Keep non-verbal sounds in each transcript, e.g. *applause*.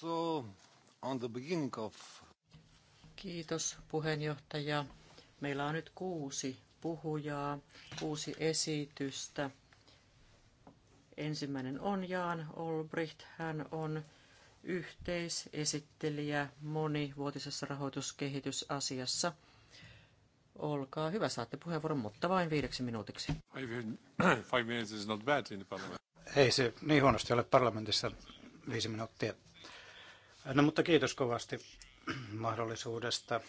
So, on the beginning of... Kiitos puheenjohtaja. Meillä on nyt kuusi puhujaa, kuusi esitystä. Ensimmäinen on Jaan Olbricht. Hän on yhteisesittelijä monivuotisessa rahoituskehitysasiassa. Olkaa hyvä, saatte puheenvuoron, mutta vain viideksi minuutiksi. Five *coughs* minutes is not bad in the parliament. Ei se niin huonosti ole parlamentissa viisi minuuttia. No mutta kiitos kovasti mahdollisuudesta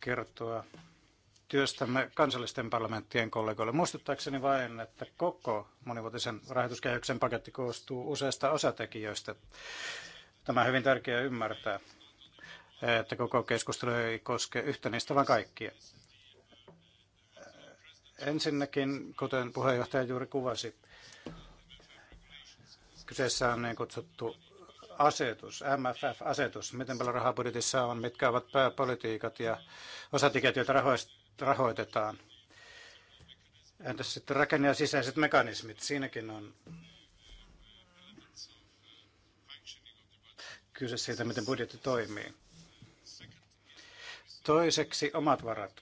kertoa työstämme kansallisten parlamenttien kollegoille. Muistuttaakseni vain, että koko monivuotisen rahoituskehyksen paketti koostuu useista osatekijöistä. Tämä on hyvin tärkeää ymmärtää, että koko keskustelu ei koske yhtä niistä, vaan kaikkia. Ensinnäkin, kuten puheenjohtaja juuri kuvasi, Kyseessä on niin kutsuttu asetus, MFF-asetus, miten paljon rahaa budjetissa on, mitkä ovat pääpolitiikat ja osatekijät, joita rahoitetaan. Entäs sitten rakenne- ja sisäiset mekanismit? Siinäkin on kyse siitä, miten budjetti toimii. Toiseksi omat varat.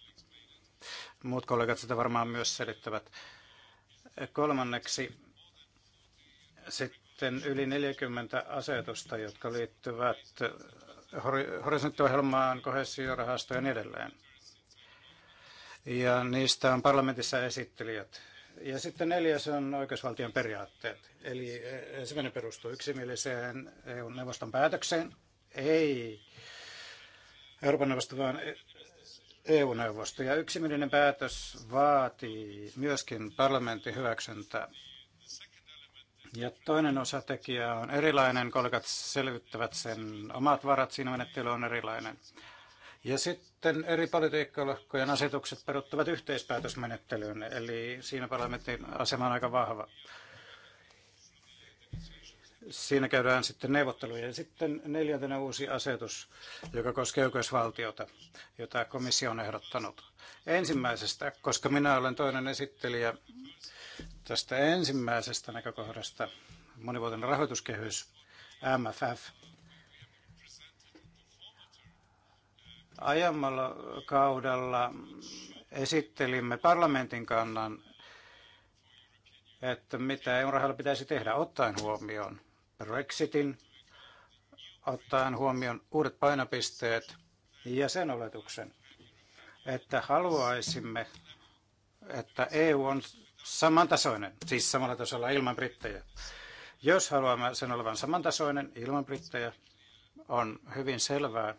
Muut kollegat sitä varmaan myös selittävät. Kolmanneksi sitten sitten yli 40 asetusta, jotka liittyvät horisonttiohjelmaan, kohesiorahastoon ja niin edelleen. Ja niistä on parlamentissa esittelijät. Ja sitten neljäs on oikeusvaltion periaatteet. Eli ensimmäinen perustuu yksimieliseen EU-neuvoston päätökseen. Ei Euroopan neuvosto, vaan EU-neuvosto. Ja yksimielinen päätös vaatii myöskin parlamentin hyväksyntää. Ja toinen osatekijä on erilainen, kollegat selvittävät sen, omat varat siinä menettely on erilainen. Ja sitten eri politiikkalohkojen asetukset peruttavat yhteispäätösmenettelyyn, eli siinä parlamentin asema on aika vahva. Siinä käydään sitten neuvotteluja. Ja sitten neljäntenä uusi asetus, joka koskee oikeusvaltiota, jota komissio on ehdottanut. Ensimmäisestä, koska minä olen toinen esittelijä, Tästä ensimmäisestä näkökohdasta monivuotinen rahoituskehys MFF aiemmalla kaudella esittelimme parlamentin kannan, että mitä EU-rahalla pitäisi tehdä ottaen huomioon Brexitin, ottaen huomioon uudet painopisteet ja sen oletuksen, että haluaisimme, että EU on samantasoinen, siis samalla tasolla ilman brittejä. Jos haluamme sen olevan samantasoinen ilman brittejä, on hyvin selvää,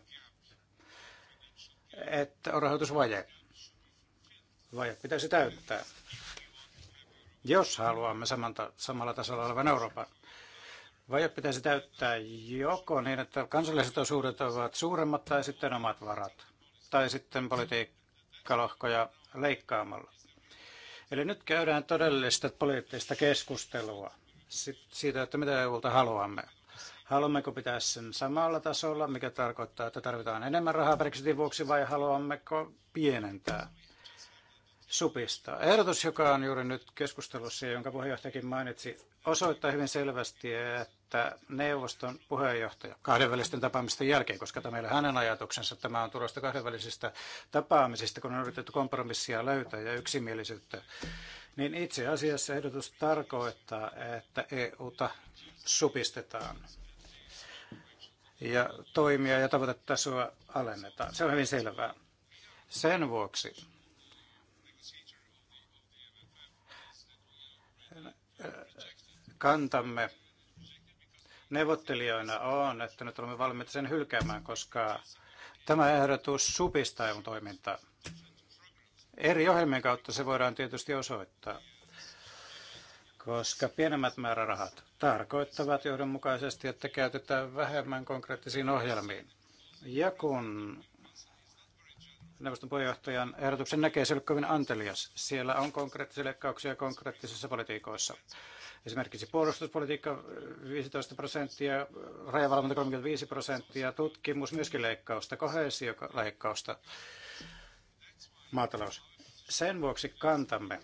että on rahoitusvaje. Vaje pitäisi täyttää, jos haluamme samanta, samalla tasolla olevan Euroopan. Vaje pitäisi täyttää joko niin, että kansalliset osuudet ovat suuremmat tai sitten omat varat, tai sitten politiikkalohkoja leikkaamalla. Eli nyt käydään todellista poliittista keskustelua siitä, että mitä EUlta haluamme. Haluammeko pitää sen samalla tasolla, mikä tarkoittaa, että tarvitaan enemmän rahaa Brexitin vuoksi, vai haluammeko pienentää, supistaa? Ehdotus, joka on juuri nyt keskustelussa ja jonka puheenjohtajakin mainitsi, osoittaa hyvin selvästi, että että neuvoston puheenjohtaja kahdenvälisten tapaamisten jälkeen, koska tämä meillä hänen ajatuksensa, tämä on tulosta kahdenvälisistä tapaamisista, kun on yritetty kompromissia löytää ja yksimielisyyttä, niin itse asiassa ehdotus tarkoittaa, että EUta supistetaan ja toimia ja tavoitetasoa alennetaan. Se on hyvin selvää. Sen vuoksi kantamme neuvottelijoina on, että nyt olemme valmiita sen hylkäämään, koska tämä ehdotus supistaa EUn toimintaa. Eri ohjelmien kautta se voidaan tietysti osoittaa, koska pienemmät määrärahat tarkoittavat johdonmukaisesti, että käytetään vähemmän konkreettisiin ohjelmiin. Ja kun neuvoston puheenjohtajan ehdotuksen näkee, se kovin antelias. Siellä on konkreettisia leikkauksia konkreettisissa politiikoissa. Esimerkiksi puolustuspolitiikka 15 äh, prosenttia, rajavalvonta 35 prosenttia, tutkimus myöskin leikkausta, kohesioleikkausta, maatalous. Sen vuoksi kantamme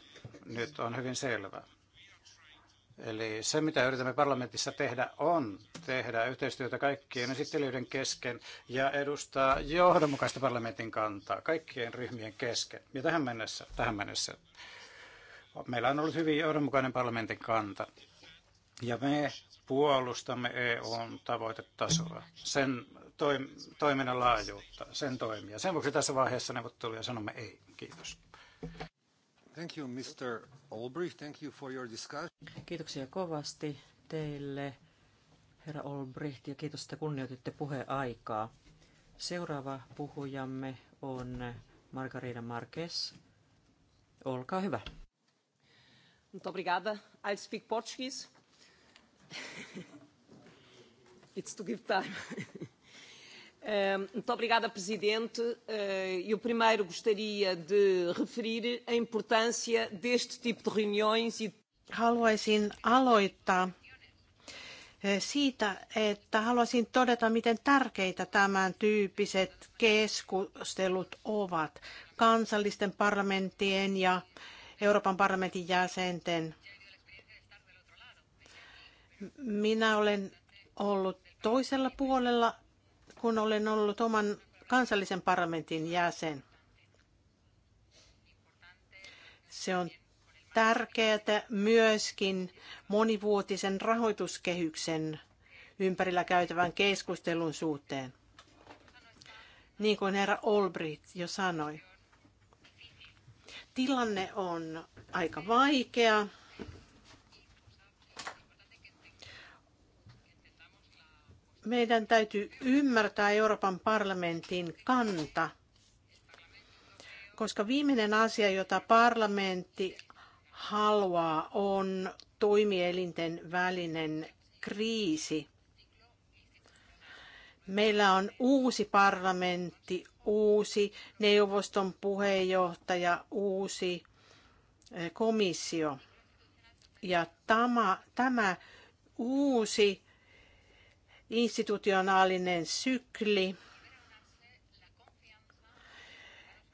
nyt on hyvin selvä, Eli se, mitä yritämme parlamentissa tehdä, on tehdä yhteistyötä kaikkien esittelijöiden kesken ja edustaa johdonmukaista parlamentin kantaa kaikkien ryhmien kesken. Ja tähän mennessä, tähän mennessä Meillä on ollut hyvin johdonmukainen parlamentin kanta. Ja me puolustamme EUn tavoitetasoa, sen toim- toiminnan laajuutta, sen toimia. Sen vuoksi tässä vaiheessa neuvotteluja sanomme ei. Kiitos. Thank you, Mr. Olbrich. Thank you for your discussion. Kiitoksia kovasti teille, herra Olbricht, ja kiitos, että kunnioititte puheaikaa. Seuraava puhujamme on Margarita Marquez. Olkaa hyvä. Muito obrigada. I speak Portuguese. It's to give time. Muito obrigada, Presidente. Ah, eu primeiro gostaria de referir a importância deste tipo de reuniões e Haluaisin aloittaa eh, siitä, että haluaisin todeta, miten tärkeitä tämän tyyppiset keskustelut ovat kansallisten parlamenttien ja Euroopan parlamentin jäsenten. Minä olen ollut toisella puolella, kun olen ollut oman kansallisen parlamentin jäsen. Se on tärkeää myöskin monivuotisen rahoituskehyksen ympärillä käytävän keskustelun suhteen. Niin kuin herra Olbrit jo sanoi, Tilanne on aika vaikea. Meidän täytyy ymmärtää Euroopan parlamentin kanta, koska viimeinen asia, jota parlamentti haluaa, on toimielinten välinen kriisi. Meillä on uusi parlamentti, uusi neuvoston puheenjohtaja, uusi eh, komissio. Ja tämä, tämä uusi institutionaalinen sykli,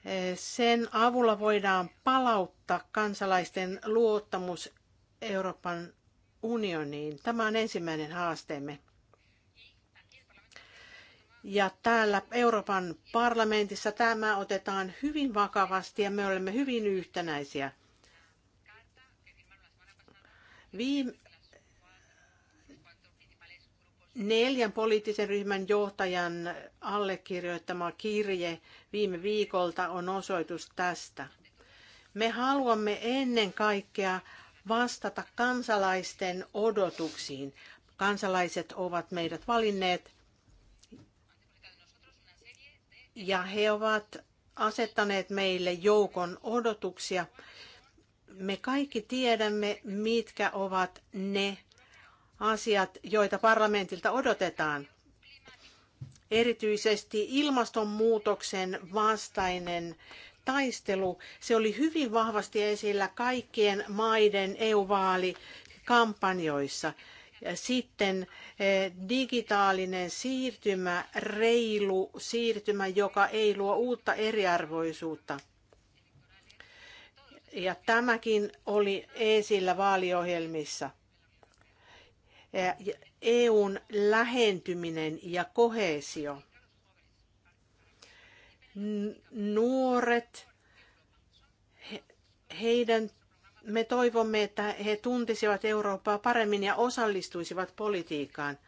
eh, sen avulla voidaan palauttaa kansalaisten luottamus Euroopan unioniin. Tämä on ensimmäinen haasteemme. Ja täällä Euroopan parlamentissa tämä otetaan hyvin vakavasti ja me olemme hyvin yhtenäisiä. Viime, neljän poliittisen ryhmän johtajan allekirjoittama kirje viime viikolta on osoitus tästä. Me haluamme ennen kaikkea vastata kansalaisten odotuksiin. Kansalaiset ovat meidät valinneet ja he ovat asettaneet meille joukon odotuksia. Me kaikki tiedämme, mitkä ovat ne asiat, joita parlamentilta odotetaan. Erityisesti ilmastonmuutoksen vastainen taistelu, se oli hyvin vahvasti esillä kaikkien maiden EU-vaalikampanjoissa. Sitten eh, digitaalinen siirtymä, reilu siirtymä, joka ei luo uutta eriarvoisuutta. Ja tämäkin oli esillä vaaliohjelmissa. Eh, EUn lähentyminen ja kohesio. Nuoret, heidän me toivomme, että he tuntisivat Eurooppaa paremmin ja osallistuisivat politiikkaan.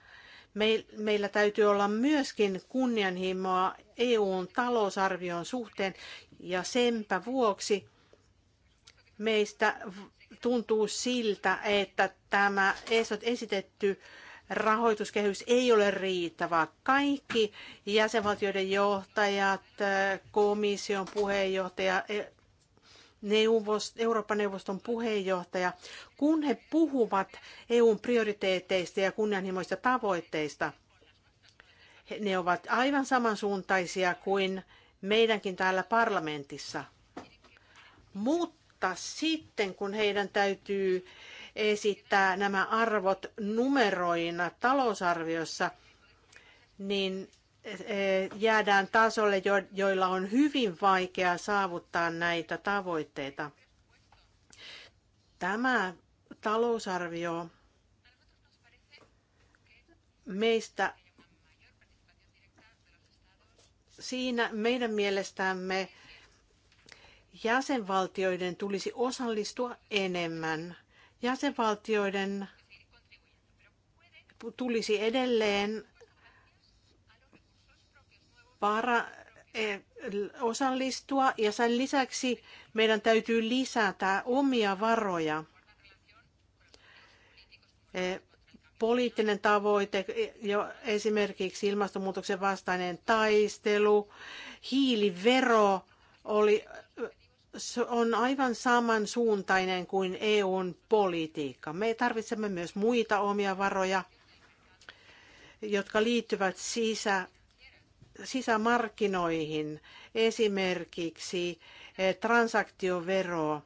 Meillä täytyy olla myöskin kunnianhimoa EUn talousarvion suhteen ja senpä vuoksi meistä tuntuu siltä, että tämä esitetty rahoituskehys ei ole riittävä. Kaikki jäsenvaltioiden johtajat, komission puheenjohtaja, neuvost, Euroopan neuvoston puheenjohtaja, kun he puhuvat EUn prioriteeteista ja kunnianhimoista tavoitteista. Ne ovat aivan samansuuntaisia kuin meidänkin täällä parlamentissa. Mutta sitten kun heidän täytyy esittää nämä arvot numeroina talousarviossa, niin Eh, jäädään tasolle, joilla on hyvin vaikea saavuttaa näitä tavoitteita. Tämä talousarvio meistä siinä meidän mielestämme jäsenvaltioiden tulisi osallistua enemmän. Jäsenvaltioiden tulisi edelleen para, e, osallistua ja sen lisäksi meidän täytyy lisätä omia varoja. E, poliittinen tavoite, e, jo esimerkiksi ilmastonmuutoksen vastainen taistelu, hiilivero oli, on aivan samansuuntainen kuin EUn politiikka. Me tarvitsemme myös muita omia varoja, jotka liittyvät sisä, sisämarkkinoihin, esimerkiksi eh, transaktiovero.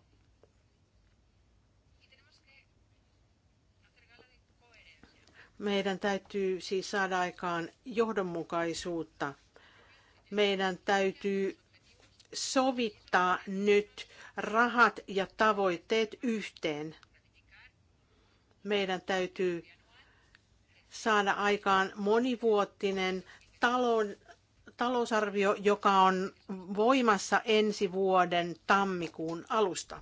Meidän täytyy siis saada aikaan johdonmukaisuutta. Meidän täytyy sovittaa nyt rahat ja tavoitteet yhteen. Meidän täytyy saada aikaan monivuotinen talon, talousarvio, joka on voimassa ensi vuoden tammikuun alusta.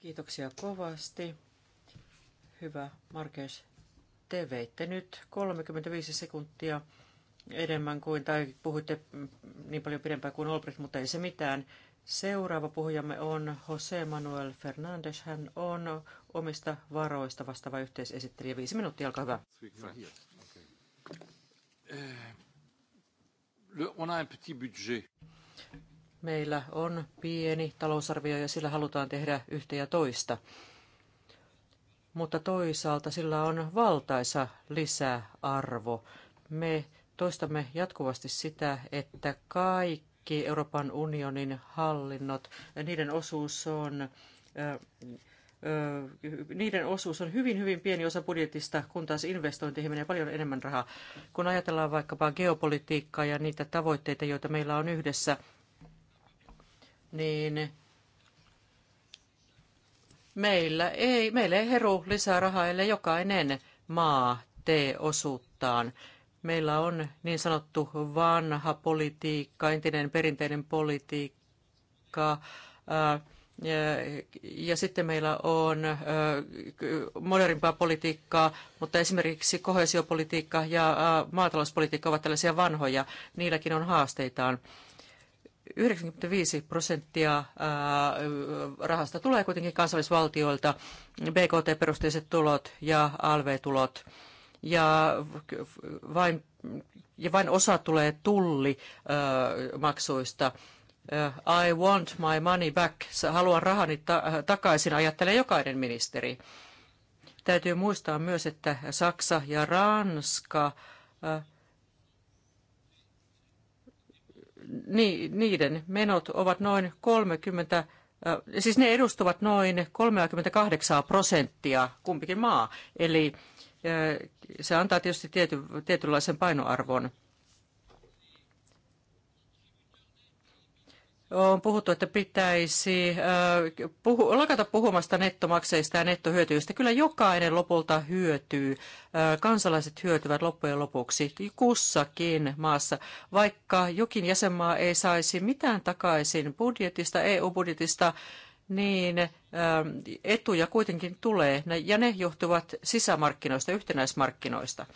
Kiitoksia kovasti. Hyvä Markes, te veitte nyt 35 sekuntia enemmän kuin, tai puhuitte niin paljon pidempään kuin Olbrecht, mutta ei se mitään. Seuraava puhujamme on Jose Manuel Fernandes. Hän on omista varoista vastaava yhteisesittelijä. Viisi minuuttia, alkaa hyvä. Meillä on pieni talousarvio ja sillä halutaan tehdä yhtä ja toista. Mutta toisaalta sillä on valtaisa lisäarvo. Me toistamme jatkuvasti sitä, että kaikki Euroopan unionin hallinnot, niiden osuus on niiden osuus on hyvin, hyvin pieni osa budjetista, kun taas investointeihin menee paljon enemmän rahaa. Kun ajatellaan vaikkapa geopolitiikkaa ja niitä tavoitteita, joita meillä on yhdessä, niin meillä ei, meillä ei heru lisää rahaa, ellei jokainen maa tee osuuttaan. Meillä on niin sanottu vanha politiikka, entinen perinteinen politiikka, ää, ja sitten meillä on modernimpaa politiikkaa, mutta esimerkiksi kohesiopolitiikka ja maatalouspolitiikka ovat tällaisia vanhoja. Niilläkin on haasteitaan. 95 prosenttia rahasta tulee kuitenkin kansallisvaltioilta, BKT-perusteiset tulot ja alv-tulot. Ja vain, ja vain osa tulee tullimaksuista. Uh, I want my money back, haluan rahani ta- äh, takaisin, ajattelee jokainen ministeri. Täytyy muistaa myös, että Saksa ja Ranska, äh, niiden menot ovat noin 30 äh, siis ne edustavat noin 38 prosenttia kumpikin maa, eli se antaa tietysti tietynlaisen painoarvon. on puhuttu, että pitäisi äh, puhu, lakata puhumasta nettomakseista ja nettohyötyistä. Kyllä jokainen lopulta hyötyy. Äh, kansalaiset hyötyvät loppujen lopuksi kussakin maassa. Vaikka jokin jäsenmaa ei saisi mitään takaisin budjetista, EU-budjetista, niin äh, etuja kuitenkin tulee, ja ne johtuvat sisämarkkinoista, yhtenäismarkkinoista.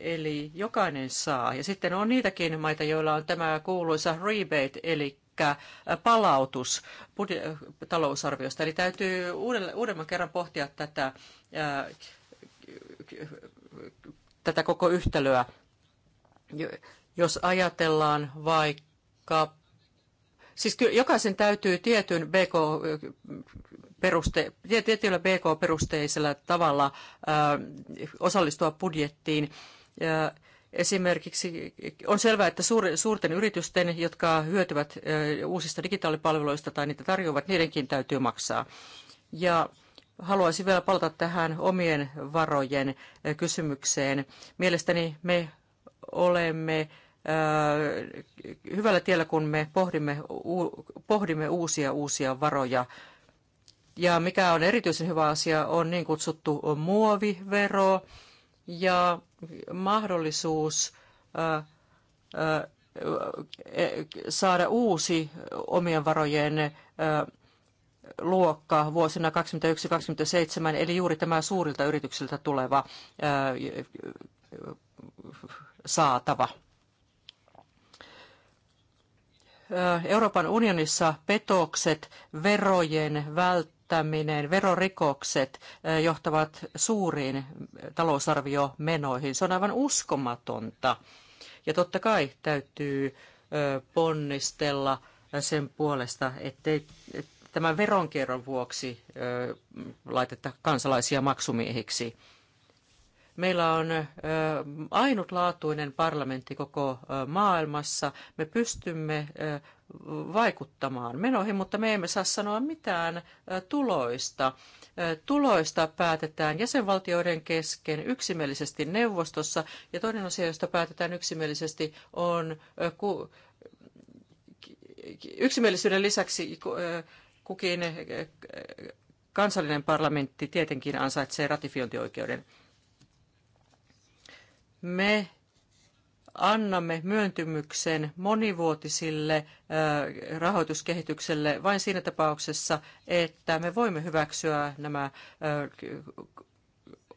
Eli jokainen saa. Ja sitten on niitäkin maita, joilla on tämä kuuluisa rebate, eli pelkkä äh, palautus talousarviosta. Eli täytyy uudemman kerran pohtia tätä, äh, tätä koko yhtälöä. Jos ajatellaan vaikka Siis kyllä jokaisen täytyy tietyn BK peruste, tietyllä BK-perusteisella tavalla äh, osallistua budjettiin. Esimerkiksi on selvää, että suurten yritysten, jotka hyötyvät uusista digitaalipalveluista tai niitä tarjoavat, niidenkin täytyy maksaa. Ja haluaisin vielä palata tähän omien varojen kysymykseen. Mielestäni me olemme hyvällä tiellä, kun me pohdimme, pohdimme uusia uusia varoja. Ja mikä on erityisen hyvä asia, on niin kutsuttu muovivero, ja mahdollisuus e, saada uusi omien varojen luokka vuosina 2021-2027, eli juuri tämä suurilta yrityksiltä tuleva saatava. Euroopan unionissa petokset, verojen vält välttäminen, verorikokset johtavat suuriin talousarviomenoihin. Se on aivan uskomatonta. Ja totta kai täytyy ponnistella sen puolesta, ettei tämän veronkierron vuoksi laiteta kansalaisia maksumiehiksi. Meillä on ainutlaatuinen parlamentti koko maailmassa. Me pystymme vaikuttamaan menoihin, mutta me emme saa sanoa mitään tuloista. Tuloista päätetään jäsenvaltioiden kesken yksimielisesti neuvostossa, ja toinen asia, josta päätetään yksimielisesti, on yksimielisyyden lisäksi kukin kansallinen parlamentti tietenkin ansaitsee ratifiointioikeuden me annamme myöntymyksen monivuotisille rahoituskehitykselle vain siinä tapauksessa, että me voimme hyväksyä nämä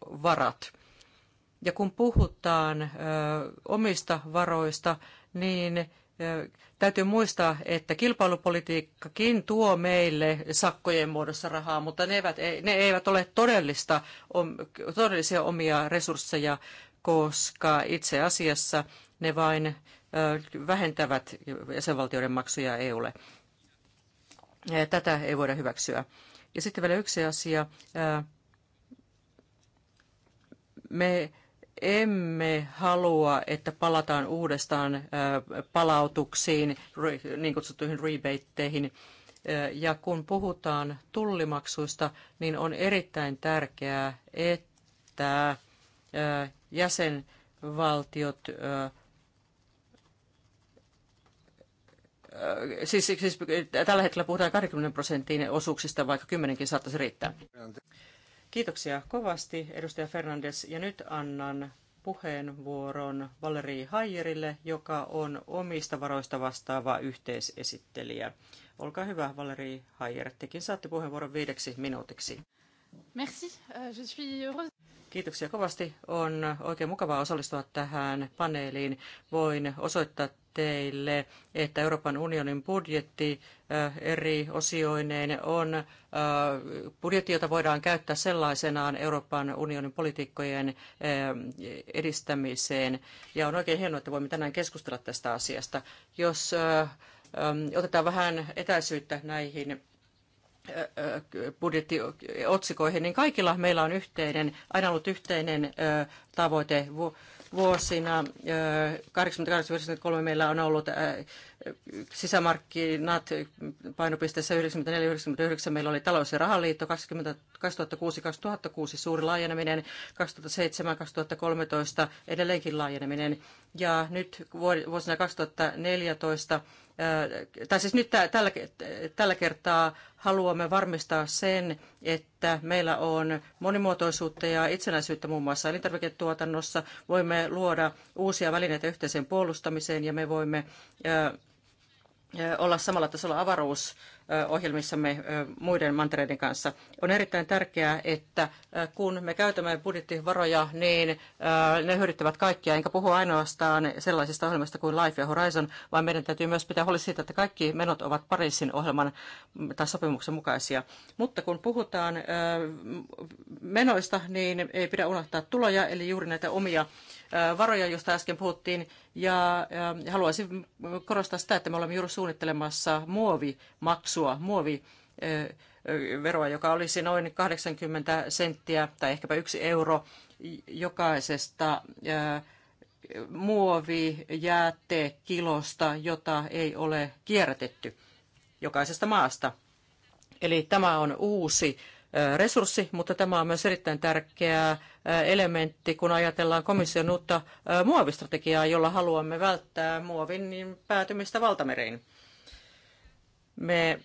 varat. Ja kun puhutaan omista varoista, niin Täytyy muistaa, että kilpailupolitiikkakin tuo meille sakkojen muodossa rahaa, mutta ne eivät, ne eivät ole todellista, todellisia omia resursseja koska itse asiassa ne vain vähentävät jäsenvaltioiden maksuja EUlle. Tätä ei voida hyväksyä. Ja sitten vielä yksi asia. Me emme halua, että palataan uudestaan palautuksiin, niin kutsuttuihin rebateihin. Ja kun puhutaan tullimaksuista, niin on erittäin tärkeää, että jäsenvaltiot, siis, siis tällä hetkellä puhutaan 20 prosentin osuuksista, vaikka kymmenenkin saattaisi riittää. Kiitoksia kovasti, edustaja Fernandes. Ja nyt annan puheenvuoron Valeri Haijerille, joka on omista varoista vastaava yhteisesittelijä. Olkaa hyvä, Valeri Haijer. Tekin saatte puheenvuoron viideksi minuutiksi. Merci. Euh, je suis heureuse. Kiitoksia kovasti. On oikein mukavaa osallistua tähän paneeliin. Voin osoittaa teille, että Euroopan unionin budjetti äh, eri osioineen on äh, budjetti, jota voidaan käyttää sellaisenaan Euroopan unionin politiikkojen äh, edistämiseen. Ja on oikein hienoa, että voimme tänään keskustella tästä asiasta. Jos ähm, otetaan vähän etäisyyttä näihin budjettiotsikoihin, niin kaikilla meillä on yhteinen, aina ollut yhteinen tavoite vuosina. 88-93 meillä on ollut sisämarkkinat painopisteessä 94-99 meillä oli talous- ja rahaliitto, 2006-2006 suuri laajeneminen, 2007-2013 edelleenkin laajeneminen ja nyt vuosina 2014 tai siis nyt tällä, tällä kertaa haluamme varmistaa sen, että meillä on monimuotoisuutta ja itsenäisyyttä muun muassa elintarviketuotannossa. Voimme luoda uusia välineitä yhteiseen puolustamiseen ja me voimme olla samalla tasolla avaruus ohjelmissamme muiden mantereiden kanssa. On erittäin tärkeää, että kun me käytämme budjettivaroja, niin ne hyödyttävät kaikkia, enkä puhu ainoastaan sellaisista ohjelmista kuin Life ja Horizon, vaan meidän täytyy myös pitää huoli siitä, että kaikki menot ovat Pariisin ohjelman tai sopimuksen mukaisia. Mutta kun puhutaan menoista, niin ei pidä unohtaa tuloja, eli juuri näitä omia varoja, joista äsken puhuttiin, ja haluaisin korostaa sitä, että me olemme juuri suunnittelemassa muovimaksua, maksua, muovi veroa, joka olisi noin 80 senttiä tai ehkäpä yksi euro jokaisesta muovijäätekilosta, jota ei ole kierrätetty jokaisesta maasta. Eli tämä on uusi resurssi, mutta tämä on myös erittäin tärkeä elementti, kun ajatellaan komission uutta muovistrategiaa, jolla haluamme välttää muovin päätymistä valtamereen. Me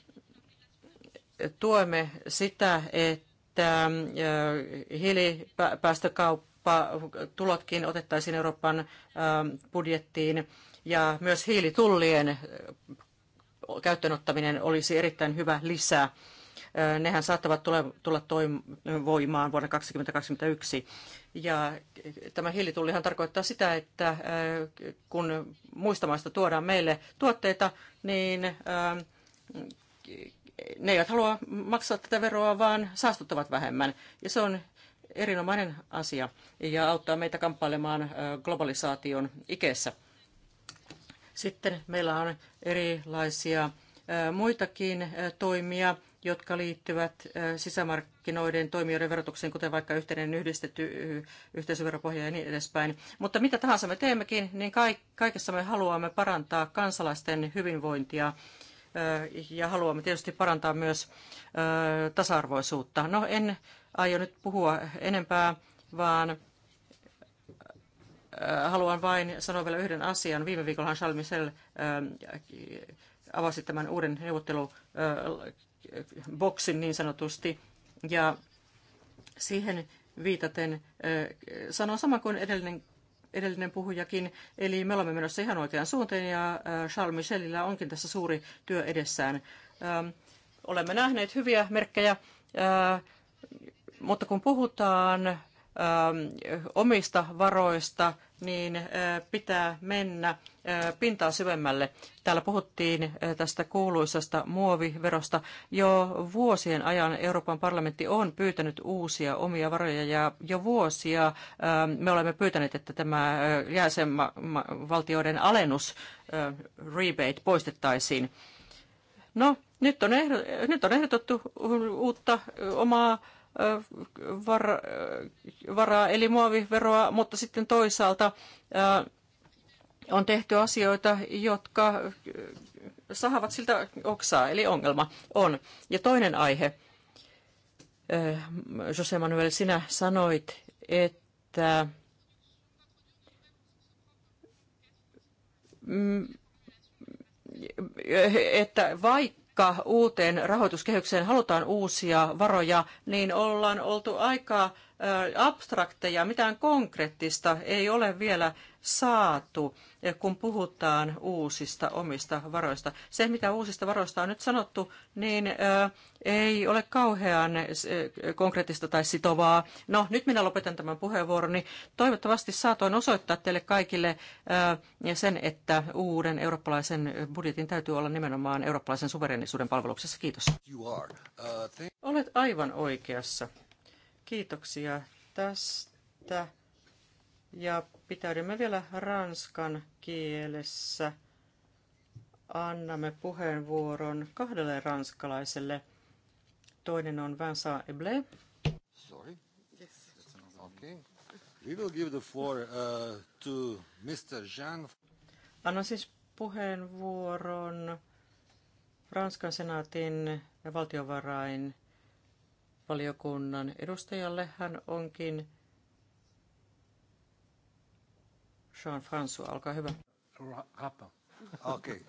tuemme sitä, että äh, hiilipäästökauppa tulotkin otettaisiin Euroopan äh, budjettiin ja myös hiilitullien äh, käyttöönottaminen olisi erittäin hyvä lisä. Nehän saattavat tulla voimaan vuonna 2021. Ja tämä hiilitullihan tarkoittaa sitä, että kun muista maista tuodaan meille tuotteita, niin ne eivät halua maksaa tätä veroa, vaan saastuttavat vähemmän. Ja se on erinomainen asia ja auttaa meitä kamppailemaan globalisaation ikeessä. Sitten meillä on erilaisia muitakin toimia, jotka liittyvät sisämarkkinoiden toimijoiden verotukseen, kuten vaikka yhteinen yhdistetty yhteisöveropohja ja niin edespäin. Mutta mitä tahansa me teemmekin, niin kaikessa me haluamme parantaa kansalaisten hyvinvointia ja haluamme tietysti parantaa myös tasa-arvoisuutta. No en aio nyt puhua enempää, vaan haluan vain sanoa vielä yhden asian. Viime viikolla Charles Michel avasi tämän uuden neuvotteluboksin niin sanotusti, ja siihen viitaten sanon sama kuin edellinen edellinen puhujakin. Eli me olemme menossa ihan oikeaan suuntaan ja äh, Charles Michelillä onkin tässä suuri työ edessään. Ähm, olemme nähneet hyviä merkkejä, äh, mutta kun puhutaan ähm, omista varoista, niin pitää mennä pintaa syvemmälle. Täällä puhuttiin tästä kuuluisasta muoviverosta. Jo vuosien ajan Euroopan parlamentti on pyytänyt uusia omia varoja ja jo vuosia me olemme pyytäneet, että tämä jäsenvaltioiden alennus rebate poistettaisiin. No, nyt on, nyt on ehdotettu uutta omaa var, varaa, eli muoviveroa, mutta sitten toisaalta on tehty asioita, jotka sahavat siltä oksaa, eli ongelma on. Ja toinen aihe, Jose Manuel, sinä sanoit, että mm, että vaikka uuteen rahoituskehykseen halutaan uusia varoja, niin ollaan oltu aika abstrakteja, mitään konkreettista ei ole vielä saatu, e, kun puhutaan uusista omista varoista. Se, mitä uusista varoista on nyt sanottu, niin ei ole kauhean e, e, konkreettista tai sitovaa. No, nyt minä lopetan tämän puheenvuoroni. Toivottavasti saatoin osoittaa teille kaikille sen, että uuden eurooppalaisen budjetin täytyy olla nimenomaan eurooppalaisen suverenisuuden palveluksessa. Kiitos. Uh, Olet aivan oikeassa. Kiitoksia tästä. Ja pitäydymme vielä ranskan kielessä. Annamme puheenvuoron kahdelle ranskalaiselle. Toinen on Vincent Eble. Sorry. Yes. Okay. We will give the floor uh, to Mr. Jean. Anna siis puheenvuoron Ranskan senaatin valtiovarain valiokunnan edustajalle. Hän onkin Jean-François, olkaa hyvä. Rapin. Okei.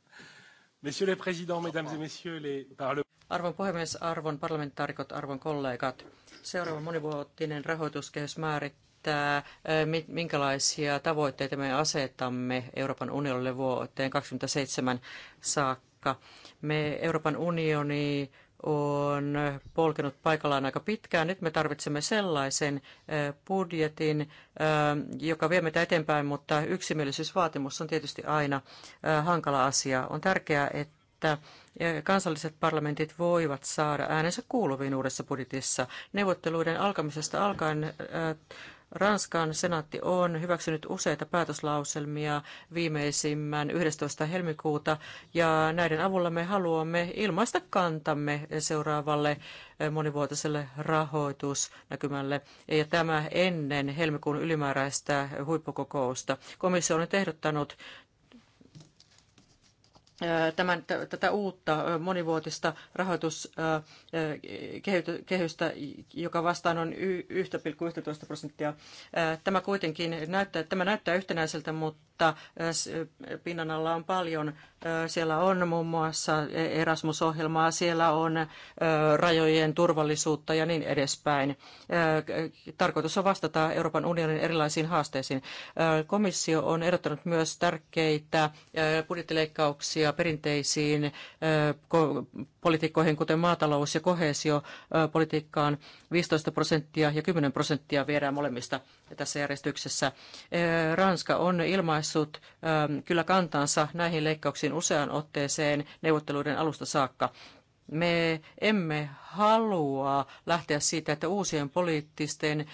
*laughs* Monsieur le Président, Mesdames et Messieurs les parlementaires. Arvon puhemies, arvon parlamentaarikot, arvon kollegat. Seuraava monivuotinen rahoituskehys määrittää, eh, minkälaisia tavoitteita me asetamme Euroopan unionille vuoteen 2027 saakka. Me Euroopan unioni on polkenut paikallaan aika pitkään. Nyt me tarvitsemme sellaisen budjetin, joka vie meitä eteenpäin, mutta yksimielisyysvaatimus on tietysti aina hankala asia. On tärkeää, että kansalliset parlamentit voivat saada äänensä kuuluviin uudessa budjetissa. Neuvotteluiden alkamisesta alkaen Ranskan senaatti on hyväksynyt useita päätöslauselmia viimeisimmän 11. helmikuuta ja näiden avulla me haluamme ilmaista kantamme seuraavalle eh, monivuotiselle rahoitusnäkymälle ja tämä ennen helmikuun ylimääräistä huippukokousta. Komissio on nyt ehdottanut tämän, tätä uutta monivuotista rahoituskehystä, joka vastaan on 1,11 prosenttia. Tämä kuitenkin näyttää, tämä näyttää yhtenäiseltä, mutta mutta pinnan alla on paljon. Siellä on muun muassa Erasmus-ohjelmaa, siellä on rajojen turvallisuutta ja niin edespäin. Tarkoitus on vastata Euroopan unionin erilaisiin haasteisiin. Komissio on ehdottanut myös tärkeitä budjettileikkauksia perinteisiin politiikkoihin, kuten maatalous- ja kohesiopolitiikkaan 15 prosenttia ja 10 prosenttia viedään molemmista tässä järjestyksessä. Ranska on ilmaissut kyllä kantaansa näihin leikkauksiin useaan otteeseen neuvotteluiden alusta saakka. Me emme halua lähteä siitä, että uusien poliittisten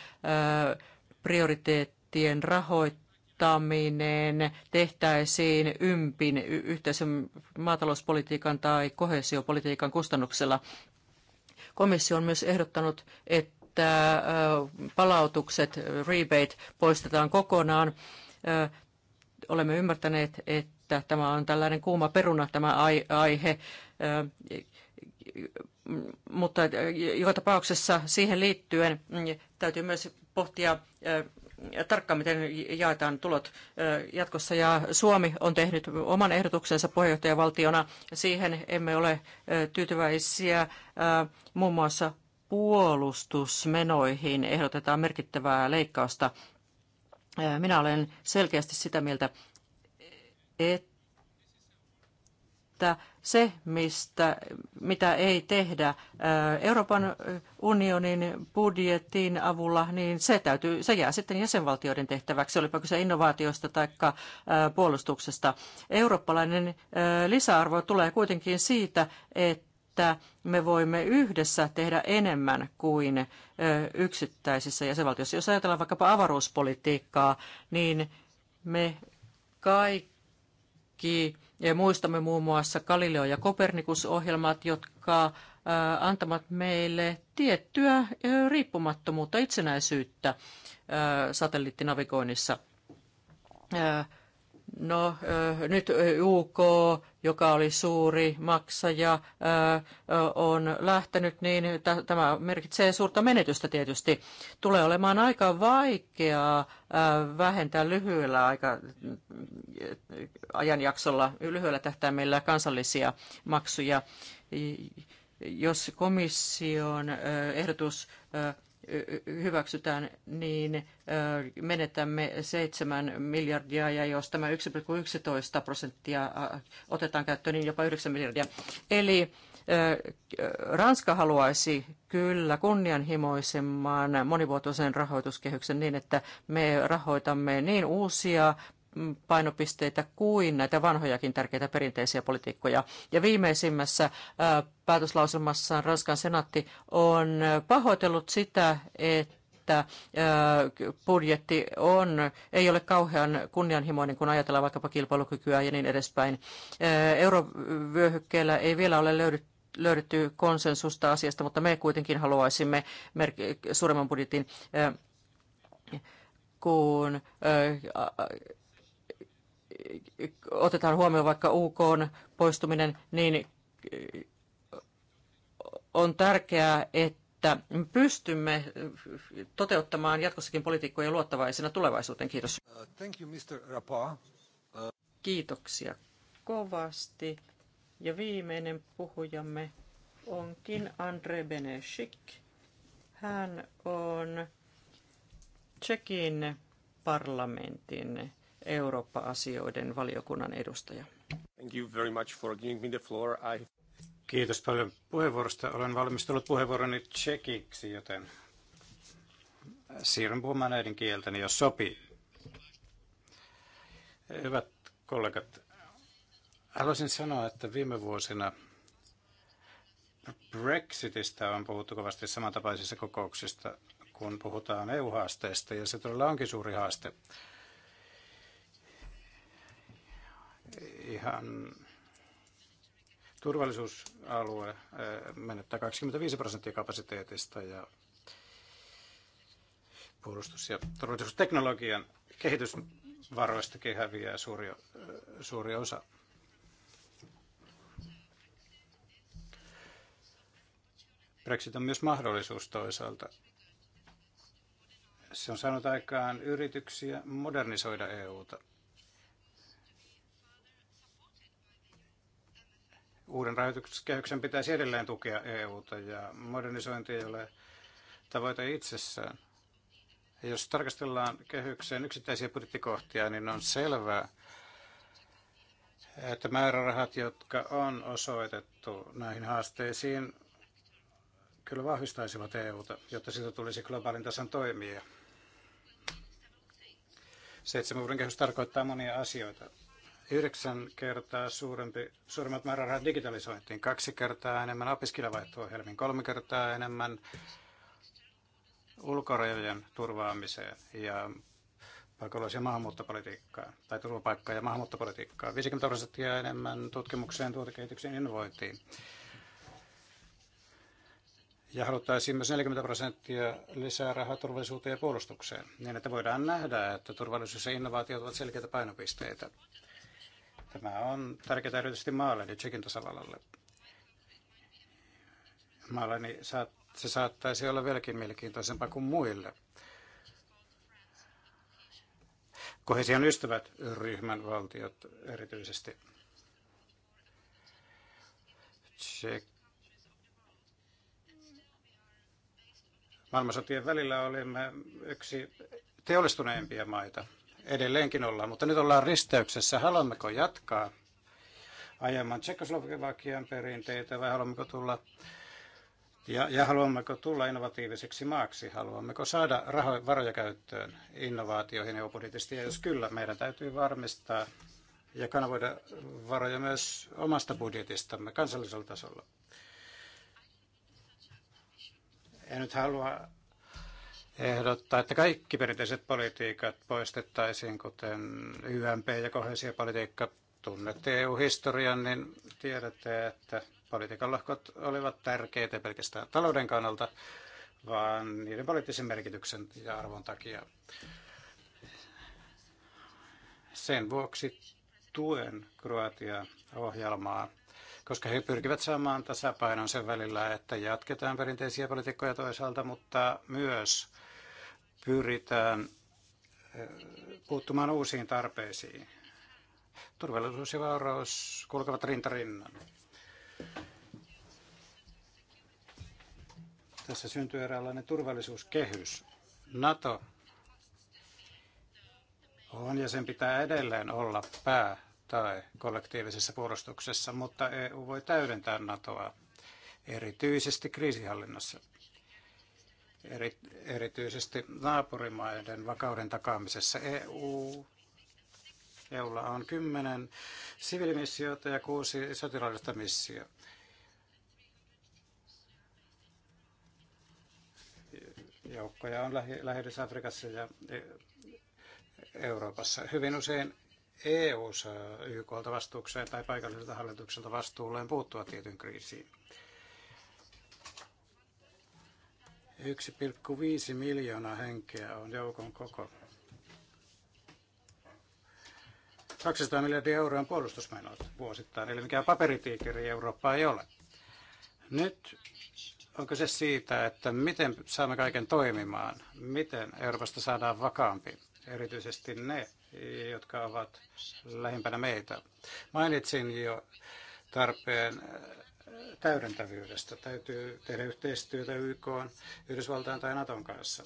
prioriteettien rahoittaminen tehtäisiin ympin yhteisen maatalouspolitiikan tai kohesiopolitiikan kustannuksella. Komissio on myös ehdottanut, että että palautukset, rebate, poistetaan kokonaan. Olemme ymmärtäneet, että tämä on tällainen kuuma peruna tämä aihe, mutta joka tapauksessa siihen liittyen mm, täytyy myös pohtia tarkkaan, miten jaetaan tulot jatkossa. Ja Suomi on tehnyt oman ehdotuksensa puheenjohtajavaltiona. Siihen emme ole tyytyväisiä muun muassa puolustusmenoihin ehdotetaan merkittävää leikkausta. Minä olen selkeästi sitä mieltä, että se, mistä, mitä ei tehdä Euroopan unionin budjetin avulla, niin se, täytyy, se jää sitten jäsenvaltioiden tehtäväksi, olipa kyse innovaatioista tai puolustuksesta. Eurooppalainen lisäarvo tulee kuitenkin siitä, että että me voimme yhdessä tehdä enemmän kuin yksittäisissä jäsenvaltioissa. Jos ajatellaan vaikkapa avaruuspolitiikkaa, niin me kaikki ja muistamme muun muassa Galileo- ja Kopernikus-ohjelmat, jotka antavat meille tiettyä riippumattomuutta, itsenäisyyttä satelliittinavigoinnissa. No nyt UK, joka oli suuri maksaja, on lähtenyt, niin tämä merkitsee suurta menetystä tietysti. Tulee olemaan aika vaikeaa vähentää lyhyellä aika, ajanjaksolla, lyhyellä tähtäimellä kansallisia maksuja. Jos komission ehdotus hyväksytään, niin menetämme 7 miljardia, ja jos tämä 1,11 prosenttia otetaan käyttöön, niin jopa 9 miljardia. Eli Ranska haluaisi kyllä kunnianhimoisemman monivuotoisen rahoituskehyksen niin, että me rahoitamme niin uusia painopisteitä kuin näitä vanhojakin tärkeitä perinteisiä politiikkoja. Ja viimeisimmässä äh, päätöslauselmassaan Ranskan senaatti on pahoitellut sitä, että että äh, budjetti on, ei ole kauhean kunnianhimoinen, kun ajatellaan vaikkapa kilpailukykyä ja niin edespäin. Äh, eurovyöhykkeellä ei vielä ole löydetty konsensusta asiasta, mutta me kuitenkin haluaisimme suuremman budjetin, kun otetaan huomioon vaikka UK poistuminen, niin on tärkeää, että pystymme toteuttamaan jatkossakin politiikkoja luottavaisena tulevaisuuteen. Kiitos. Uh, thank you, Mr. Uh, Kiitoksia kovasti. Ja viimeinen puhujamme onkin Andre Benešik. Hän on Tsekin parlamentin Eurooppa-asioiden valiokunnan edustaja. Thank you very much for giving me the floor. I... Kiitos paljon puheenvuorosta. Olen valmistellut puheenvuoroni tsekiksi, joten siirryn puhumaan äidinkieltäni, jos sopii. Hyvät kollegat, haluaisin sanoa, että viime vuosina Brexitistä on puhuttu kovasti samantapaisissa kokouksista, kun puhutaan EU-haasteista, ja se todella onkin suuri haaste. ihan turvallisuusalue eh, menettää 25 prosenttia kapasiteetista ja puolustus- ja turvallisuusteknologian kehitysvaroistakin häviää suuri, eh, suuri osa. Brexit on myös mahdollisuus toisaalta. Se on saanut aikaan yrityksiä modernisoida EUta Uuden rahoituskehyksen pitäisi edelleen tukea EUta ja modernisointi ei ole tavoite itsessään. Jos tarkastellaan kehykseen yksittäisiä budjettikohtia, niin on selvää, että määrärahat, jotka on osoitettu näihin haasteisiin, kyllä vahvistaisivat EUta, jotta siitä tulisi globaalin tasan toimia. Seitsemän vuoden kehys tarkoittaa monia asioita yhdeksän kertaa suurempi, suuremmat määrärahat digitalisointiin, kaksi kertaa enemmän opiskelijavaihto-ohjelmiin, kolme kertaa enemmän ulkorajojen turvaamiseen ja pakolais- ja maahanmuuttopolitiikkaan, tai turvapaikkaa ja maahanmuuttopolitiikkaan, 50 prosenttia enemmän tutkimukseen, tuotekehitykseen ja innovointiin. Ja haluttaisiin myös 40 prosenttia lisää rahaa turvallisuuteen ja puolustukseen, niin että voidaan nähdä, että turvallisuus ja innovaatiot ovat selkeitä painopisteitä. Tämä on tärkeää erityisesti maalleni Tsekin tasavallalle. saat, se saattaisi olla vieläkin mielenkiintoisempaa kuin muille. Kohesian ystävät ryhmän valtiot erityisesti. Tsek... Maailmansotien välillä olimme yksi teollistuneimpia maita – edelleenkin ollaan, mutta nyt ollaan risteyksessä. Haluammeko jatkaa aiemman Tsekoslovakian perinteitä vai haluammeko tulla ja, ja haluammeko tulla innovatiiviseksi maaksi? Haluammeko saada raho, varoja käyttöön innovaatioihin ja budjetista? Ja jos kyllä, meidän täytyy varmistaa ja kanavoida varoja myös omasta budjetistamme kansallisella tasolla. En nyt halua ehdottaa, että kaikki perinteiset politiikat poistettaisiin, kuten YMP ja kohesiopolitiikka. Tunnette EU-historian, niin tiedätte, että politiikan lohkot olivat tärkeitä pelkästään talouden kannalta, vaan niiden poliittisen merkityksen ja arvon takia. Sen vuoksi tuen Kroatian ohjelmaa, koska he pyrkivät saamaan tasapainon sen välillä, että jatketaan perinteisiä politiikkoja toisaalta, mutta myös pyritään eh, puuttumaan uusiin tarpeisiin. Turvallisuus ja vauraus kulkevat rinnan. Tässä syntyy eräänlainen turvallisuuskehys. NATO on ja sen pitää edelleen olla pää tai kollektiivisessa puolustuksessa, mutta EU voi täydentää NATOa erityisesti kriisihallinnassa eri, erityisesti naapurimaiden vakauden takaamisessa. EU, EUlla on kymmenen siviilimissiota ja kuusi sotilaallista missiota. Joukkoja on lähi Afrikassa ja Euroopassa. Hyvin usein EU saa YKlta vastuukseen tai paikalliselta hallitukselta vastuulleen puuttua tietyn kriisiin. 1,5 miljoonaa henkeä on joukon koko. 200 miljardia euroa on puolustusmenot vuosittain, eli mikään paperitiikeri Eurooppa ei ole. Nyt on kyse siitä, että miten saamme kaiken toimimaan, miten Euroopasta saadaan vakaampi, erityisesti ne, jotka ovat lähimpänä meitä. Mainitsin jo tarpeen täydentävyydestä. Täytyy tehdä yhteistyötä YK, Yhdysvaltain tai Naton kanssa.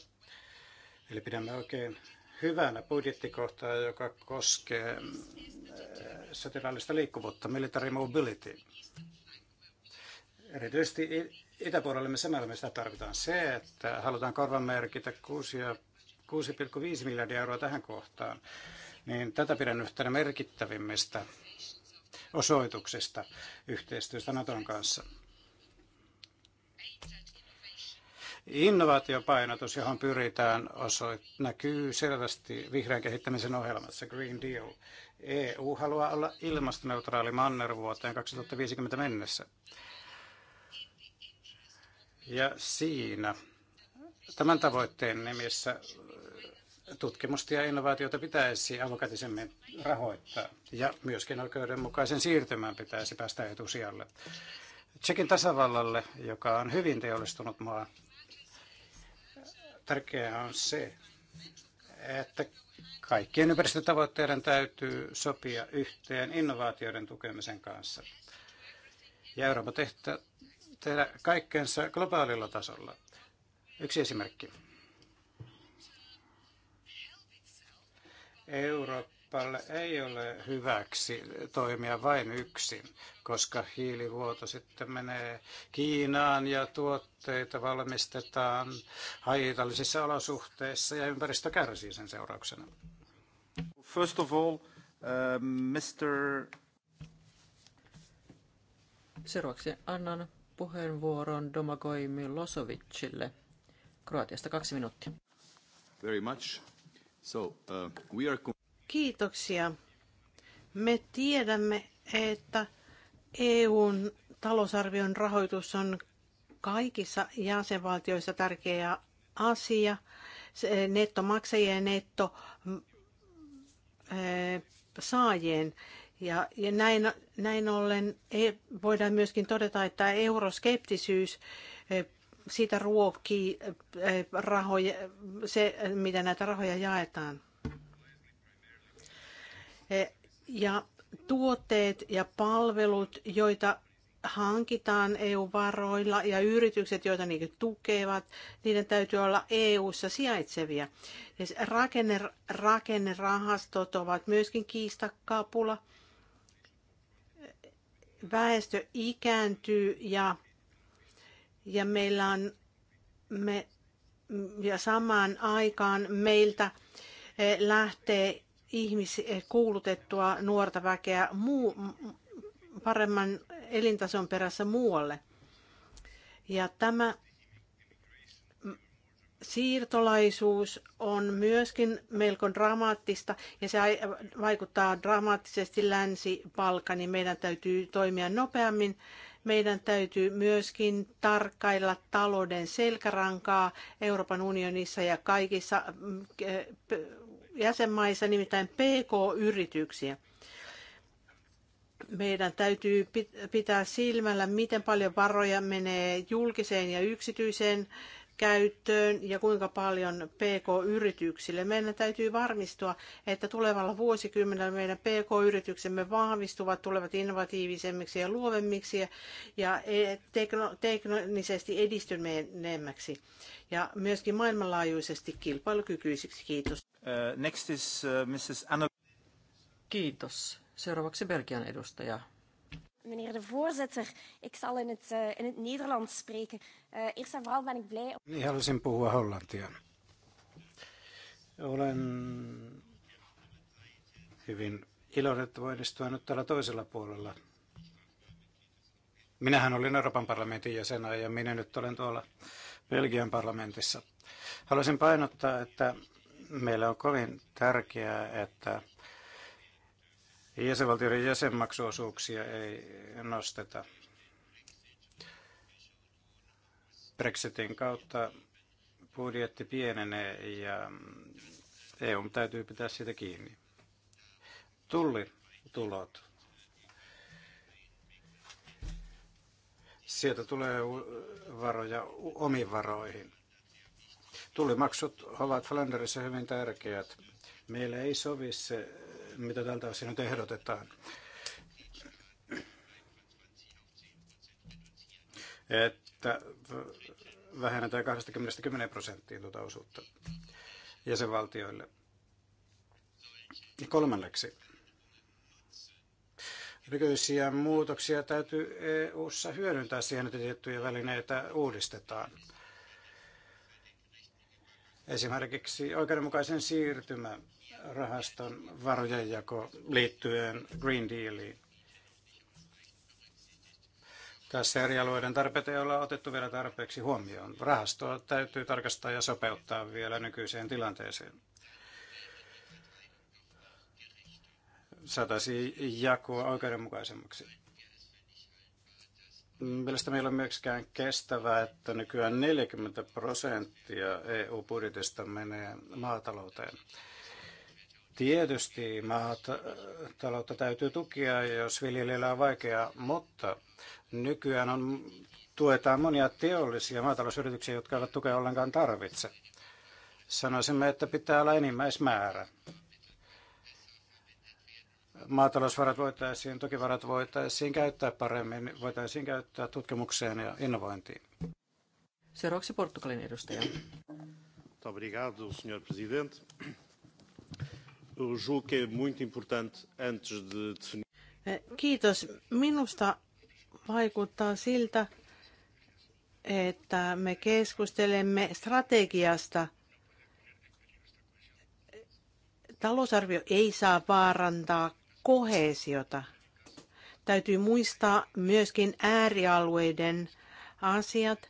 Eli pidämme oikein hyvänä budjettikohtaa, joka koskee äh, sotilaallista liikkuvuutta, military mobility. Erityisesti itäpuolelle me samalta sitä tarvitaan se, että halutaan korvamerkitä 6,5 miljardia euroa tähän kohtaan, niin tätä pidän yhtenä merkittävimmistä osoituksesta yhteistyöstä Naton kanssa. Innovaatiopainotus, johon pyritään osoit, näkyy selvästi vihreän kehittämisen ohjelmassa Green Deal. EU haluaa olla ilmastoneutraali manner vuoteen 2050 mennessä. Ja siinä tämän tavoitteen nimissä tutkimusta ja innovaatioita pitäisi avokätisemmin rahoittaa ja myöskin oikeudenmukaisen siirtymään pitäisi päästä etusijalle. Tsekin tasavallalle, joka on hyvin teollistunut maa, tärkeää on se, että kaikkien ympäristötavoitteiden täytyy sopia yhteen innovaatioiden tukemisen kanssa. Ja Euroopan tehdä kaikkensa globaalilla tasolla. Yksi esimerkki Euroopalle ei ole hyväksi toimia vain yksin, koska hiilivuoto sitten menee Kiinaan ja tuotteita valmistetaan haitallisissa olosuhteissa ja ympäristö kärsii sen seurauksena. First of all, uh, Mr. Seuraavaksi annan puheenvuoron Domagoj Milosevicille. Kroatiasta kaksi minuuttia. Very much. Uh, Kiitoksia. Me tiedämme, että EUn talousarvion rahoitus on kaikissa jäsenvaltioissa tärkeä asia. Eh, nettomaksajien ja netto mm, eh, saajien. Ja, ja näin, näin ollen eh, voidaan myöskin todeta, että euroskeptisyys siitä ruokkii eh, rahoja, se, miten näitä rahoja jaetaan. Eh, ja tuotteet ja palvelut, joita hankitaan EU-varoilla ja yritykset, joita niitä tukevat, niiden täytyy olla EU-ssa sijaitsevia. Ja rakenne, rakennerahastot ovat myöskin kiistakapula. Väestö ikääntyy ja ja meillä on me, ja samaan aikaan meiltä eh, lähtee eh, kuulutettua nuorta väkeä muu, paremman elintason perässä muualle. Ja tämä siirtolaisuus on myöskin melko dramaattista ja se vaikuttaa dramaattisesti länsi niin Meidän täytyy toimia nopeammin meidän täytyy myöskin tarkkailla talouden selkärankaa Euroopan unionissa ja kaikissa mm, jäsenmaissa, nimittäin PK-yrityksiä meidän täytyy pitää silmällä, miten paljon varoja menee julkiseen ja yksityiseen käyttöön ja kuinka paljon PK-yrityksille. Meidän täytyy varmistua, että tulevalla vuosikymmenellä meidän PK-yrityksemme vahvistuvat, tulevat innovatiivisemmiksi ja luovemmiksi ja e, teknisesti edistyneemmäksi ja myöskin maailmanlaajuisesti kilpailukykyisiksi. Kiitos. Uh, next is, uh, Mrs. Anna. Kiitos. Seuraavaksi Belgian edustaja Meneer de voorzitter, ik zal in het, uh, in het Nederlands spreken. Uh, eerst en vooral ben ik blij... Niin, halusin eh, Holland, ja. Olen hyvin iloinen, että voin istua nyt täällä toisella puolella. Minähän olin Euroopan parlamentin jäsenä ja minä nyt olen tuolla Belgian parlamentissa. Haluaisin painottaa, että meillä on kovin tärkeää, että jäsenvaltioiden jäsenmaksuosuuksia ei nosteta. Brexitin kautta budjetti pienenee ja EU täytyy pitää siitä kiinni. Tullitulot. Sieltä tulee varoja omiin varoihin. Tullimaksut ovat Flanderissa hyvin tärkeät. Meillä ei sovi se mitä tältä osin nyt ehdotetaan. Että vähennetään 20-10 prosenttiin tuota osuutta jäsenvaltioille. Ja kolmanneksi, nykyisiä muutoksia täytyy EU-ssa hyödyntää siihen, että tiettyjä välineitä uudistetaan. Esimerkiksi oikeudenmukaisen siirtymän rahaston varojenjako liittyen Green Dealiin. Tässä eri alueiden tarpeet ei ole otettu vielä tarpeeksi huomioon. Rahastoa täytyy tarkastaa ja sopeuttaa vielä nykyiseen tilanteeseen. Saataisiin jakoa oikeudenmukaisemmaksi. Mielestäni meillä on myöskään kestävää, että nykyään 40 prosenttia EU-budjetista menee maatalouteen. Tietysti maataloutta äh, täytyy tukea, jos viljelijällä on vaikeaa, mutta nykyään on, tuetaan monia teollisia maatalousyrityksiä, jotka eivät tukea ollenkaan tarvitse. Sanoisimme, että pitää olla enimmäismäärä. Maatalousvarat voitaisiin, tukivarat voitaisiin käyttää paremmin, voitaisiin käyttää tutkimukseen ja innovointiin. Seuraavaksi Portugalin edustaja. Obrigado, senhor presidente. Eh, kiitos. Minusta vaikuttaa siltä, että me keskustelemme strategiasta. Talousarvio ei saa vaarantaa kohesiota. Täytyy muistaa myöskin äärialueiden asiat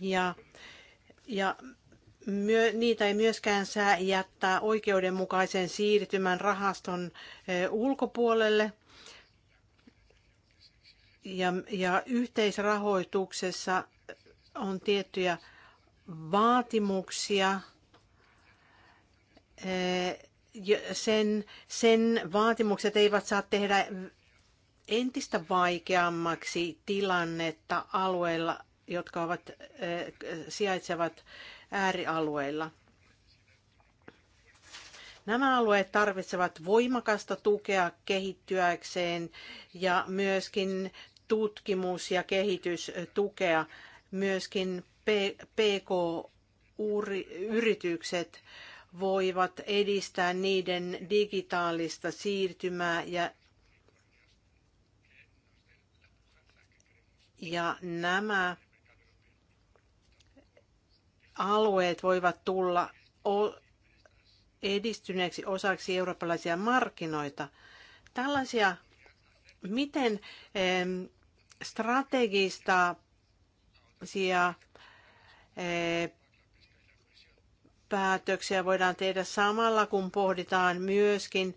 ja, ja myö, niitä ei myöskään saa jättää oikeudenmukaisen siirtymän rahaston ulkopuolelle. Ja, ja yhteisrahoituksessa on tiettyjä vaatimuksia sen, sen vaatimukset eivät saa tehdä entistä vaikeammaksi tilannetta alueilla, jotka ovat, sijaitsevat äärialueilla. Nämä alueet tarvitsevat voimakasta tukea kehittyäkseen ja myöskin tutkimus- ja kehitystukea. Myöskin PK-yritykset voivat edistää niiden digitaalista siirtymää ja ja nämä alueet voivat tulla edistyneeksi osaksi eurooppalaisia markkinoita. Tällaisia, miten strategista päätöksiä voidaan tehdä samalla, kun pohditaan myöskin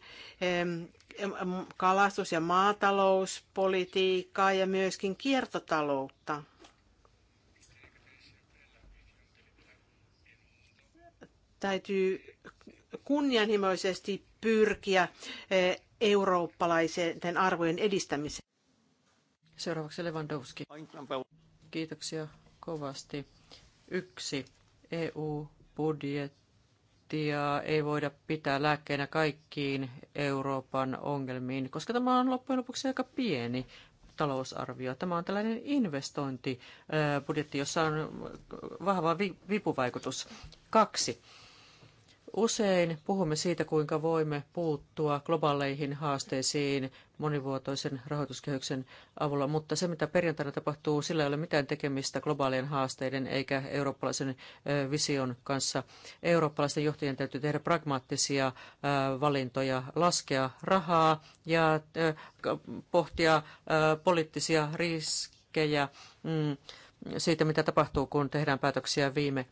kalastus- ja maatalouspolitiikkaa ja myöskin kiertotaloutta. täytyy kunnianhimoisesti pyrkiä eh, eurooppalaisten arvojen edistämiseen. Seuraavaksi Lewandowski. Kiitoksia kovasti. Yksi. EU-budjettia ei voida pitää lääkkeenä kaikkiin Euroopan ongelmiin, koska tämä on loppujen lopuksi aika pieni talousarvio. Tämä on tällainen investointibudjetti, jossa on vahva vipuvaikutus. Kaksi. Usein puhumme siitä, kuinka voimme puuttua globaaleihin haasteisiin monivuotoisen rahoituskehyksen avulla, mutta se, mitä perjantaina tapahtuu, sillä ei ole mitään tekemistä globaalien haasteiden eikä eurooppalaisen vision kanssa. Eurooppalaisten johtajien täytyy tehdä pragmaattisia valintoja, laskea rahaa ja pohtia poliittisia riskejä. Mm siitä, mitä tapahtuu, kun tehdään päätöksiä viime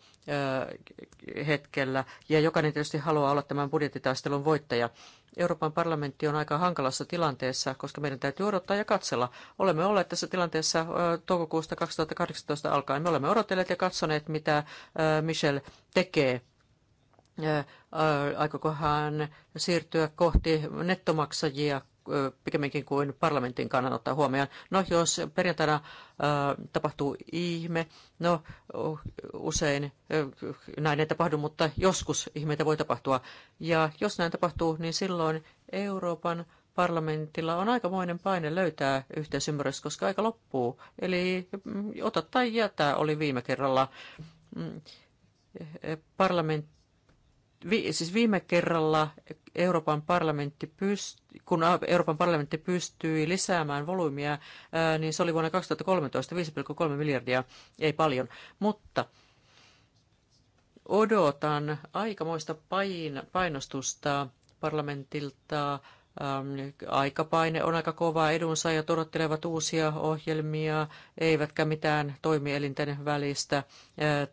hetkellä. Ja jokainen tietysti haluaa olla tämän budjettitaistelun voittaja. Euroopan parlamentti on aika hankalassa tilanteessa, koska meidän täytyy odottaa ja katsella. Olemme olleet tässä tilanteessa toukokuusta 2018 alkaen. Me olemme odotelleet ja katsoneet, mitä Michel tekee aikokohan siirtyä kohti nettomaksajia pikemminkin kuin parlamentin ottaa huomioon. No, jos perjantaina tapahtuu ihme, no usein näin ei tapahdu, mutta joskus ihmeitä voi tapahtua. Ja jos näin tapahtuu, niin silloin Euroopan parlamentilla on aikamoinen paine löytää yhteisymmärrys, koska aika loppuu. Eli mm, ota tai jätä oli viime kerralla mm, e, parlament vi, siis viime kerralla Euroopan parlamentti pyst, kun Euroopan parlamentti pystyi lisäämään volyymiä, niin se oli vuonna 2013 5,3 miljardia, ei paljon, mutta odotan aikamoista pain, painostusta parlamentilta Ähm, aikapaine on aika kova, edunsa ja todottelevat uusia ohjelmia, eivätkä mitään toimielinten välistä äh,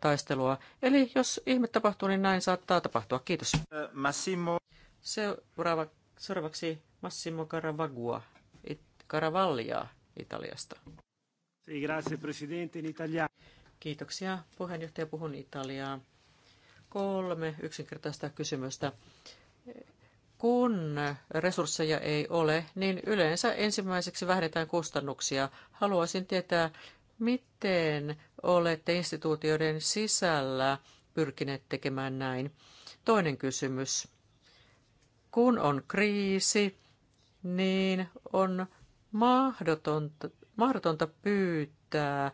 taistelua. Eli jos ihme tapahtuu, niin näin saattaa tapahtua. Kiitos. Äh, Massimo. Seuraava, seuraavaksi Massimo Caravagua, It, Caravallia Italiasta. Sì, grazie Presidente in Italia. Kiitoksia. Puheenjohtaja puhun Italiaa. Kolme yksinkertaista kysymystä kun resursseja ei ole, niin yleensä ensimmäiseksi vähennetään kustannuksia. Haluaisin tietää, miten olette instituutioiden sisällä pyrkineet tekemään näin. Toinen kysymys. Kun on kriisi, niin on mahdotonta, mahdotonta pyytää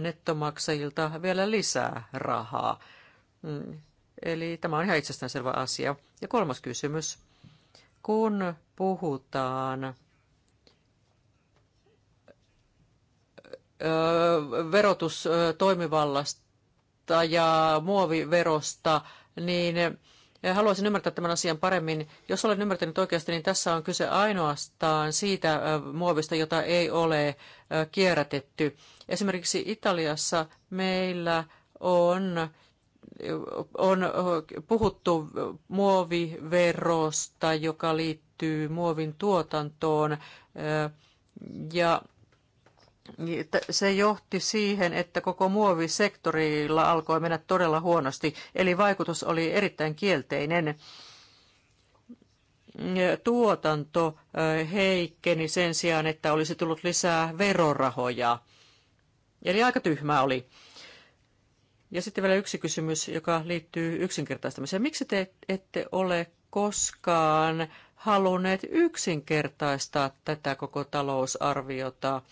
nettomaksajilta vielä lisää rahaa. Mm, eli tämä on ihan itsestäänselvä asia. Ja kolmas kysymys kun puhutaan verotustoimivallasta ja muoviverosta, niin haluaisin ymmärtää tämän asian paremmin. Jos olen ymmärtänyt oikeasti, niin tässä on kyse ainoastaan siitä muovista, jota ei ole kierrätetty. Esimerkiksi Italiassa meillä on on puhuttu muoviverosta, joka liittyy muovin tuotantoon ja se johti siihen, että koko muovisektorilla alkoi mennä todella huonosti, eli vaikutus oli erittäin kielteinen. Tuotanto heikkeni sen sijaan, että olisi tullut lisää verorahoja. Eli aika tyhmää oli. Ja sitten vielä yksi kysymys, joka liittyy yksinkertaistamiseen. Miksi te ette ole koskaan halunneet yksinkertaistaa tätä koko talousarviota?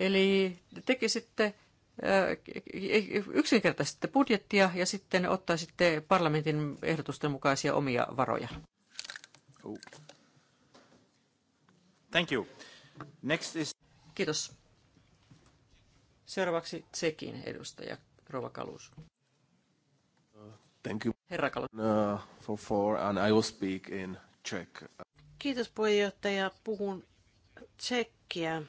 Eli tekisitte äh, yksinkertaisesti budjettia ja sitten ottaisitte parlamentin ehdotusten mukaisia omia varoja. Thank you. Next is... Kiitos. Seuraavaksi Tsekin edustaja Rova Kalus. Thank you. Herra Kalus. Uh, for four, and I will speak in Czech. Kiitos puheenjohtaja. Puhun tsekkiä.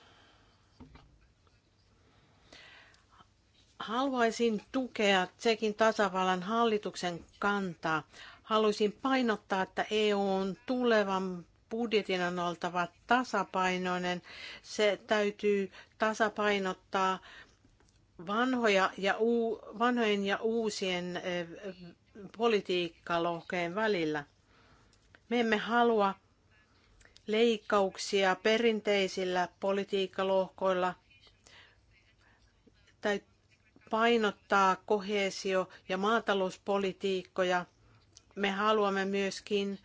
Haluaisin tukea Tsekin tasavallan hallituksen kantaa. Haluaisin painottaa, että EUn tulevan budjetin on oltava tasapainoinen. Se täytyy tasapainottaa vanhoja ja uu, vanhojen ja uusien politiikkalohkeen välillä. Me emme halua leikkauksia perinteisillä politiikkalohkoilla. Tai painottaa kohesio- ja maatalouspolitiikkoja. Me haluamme myöskin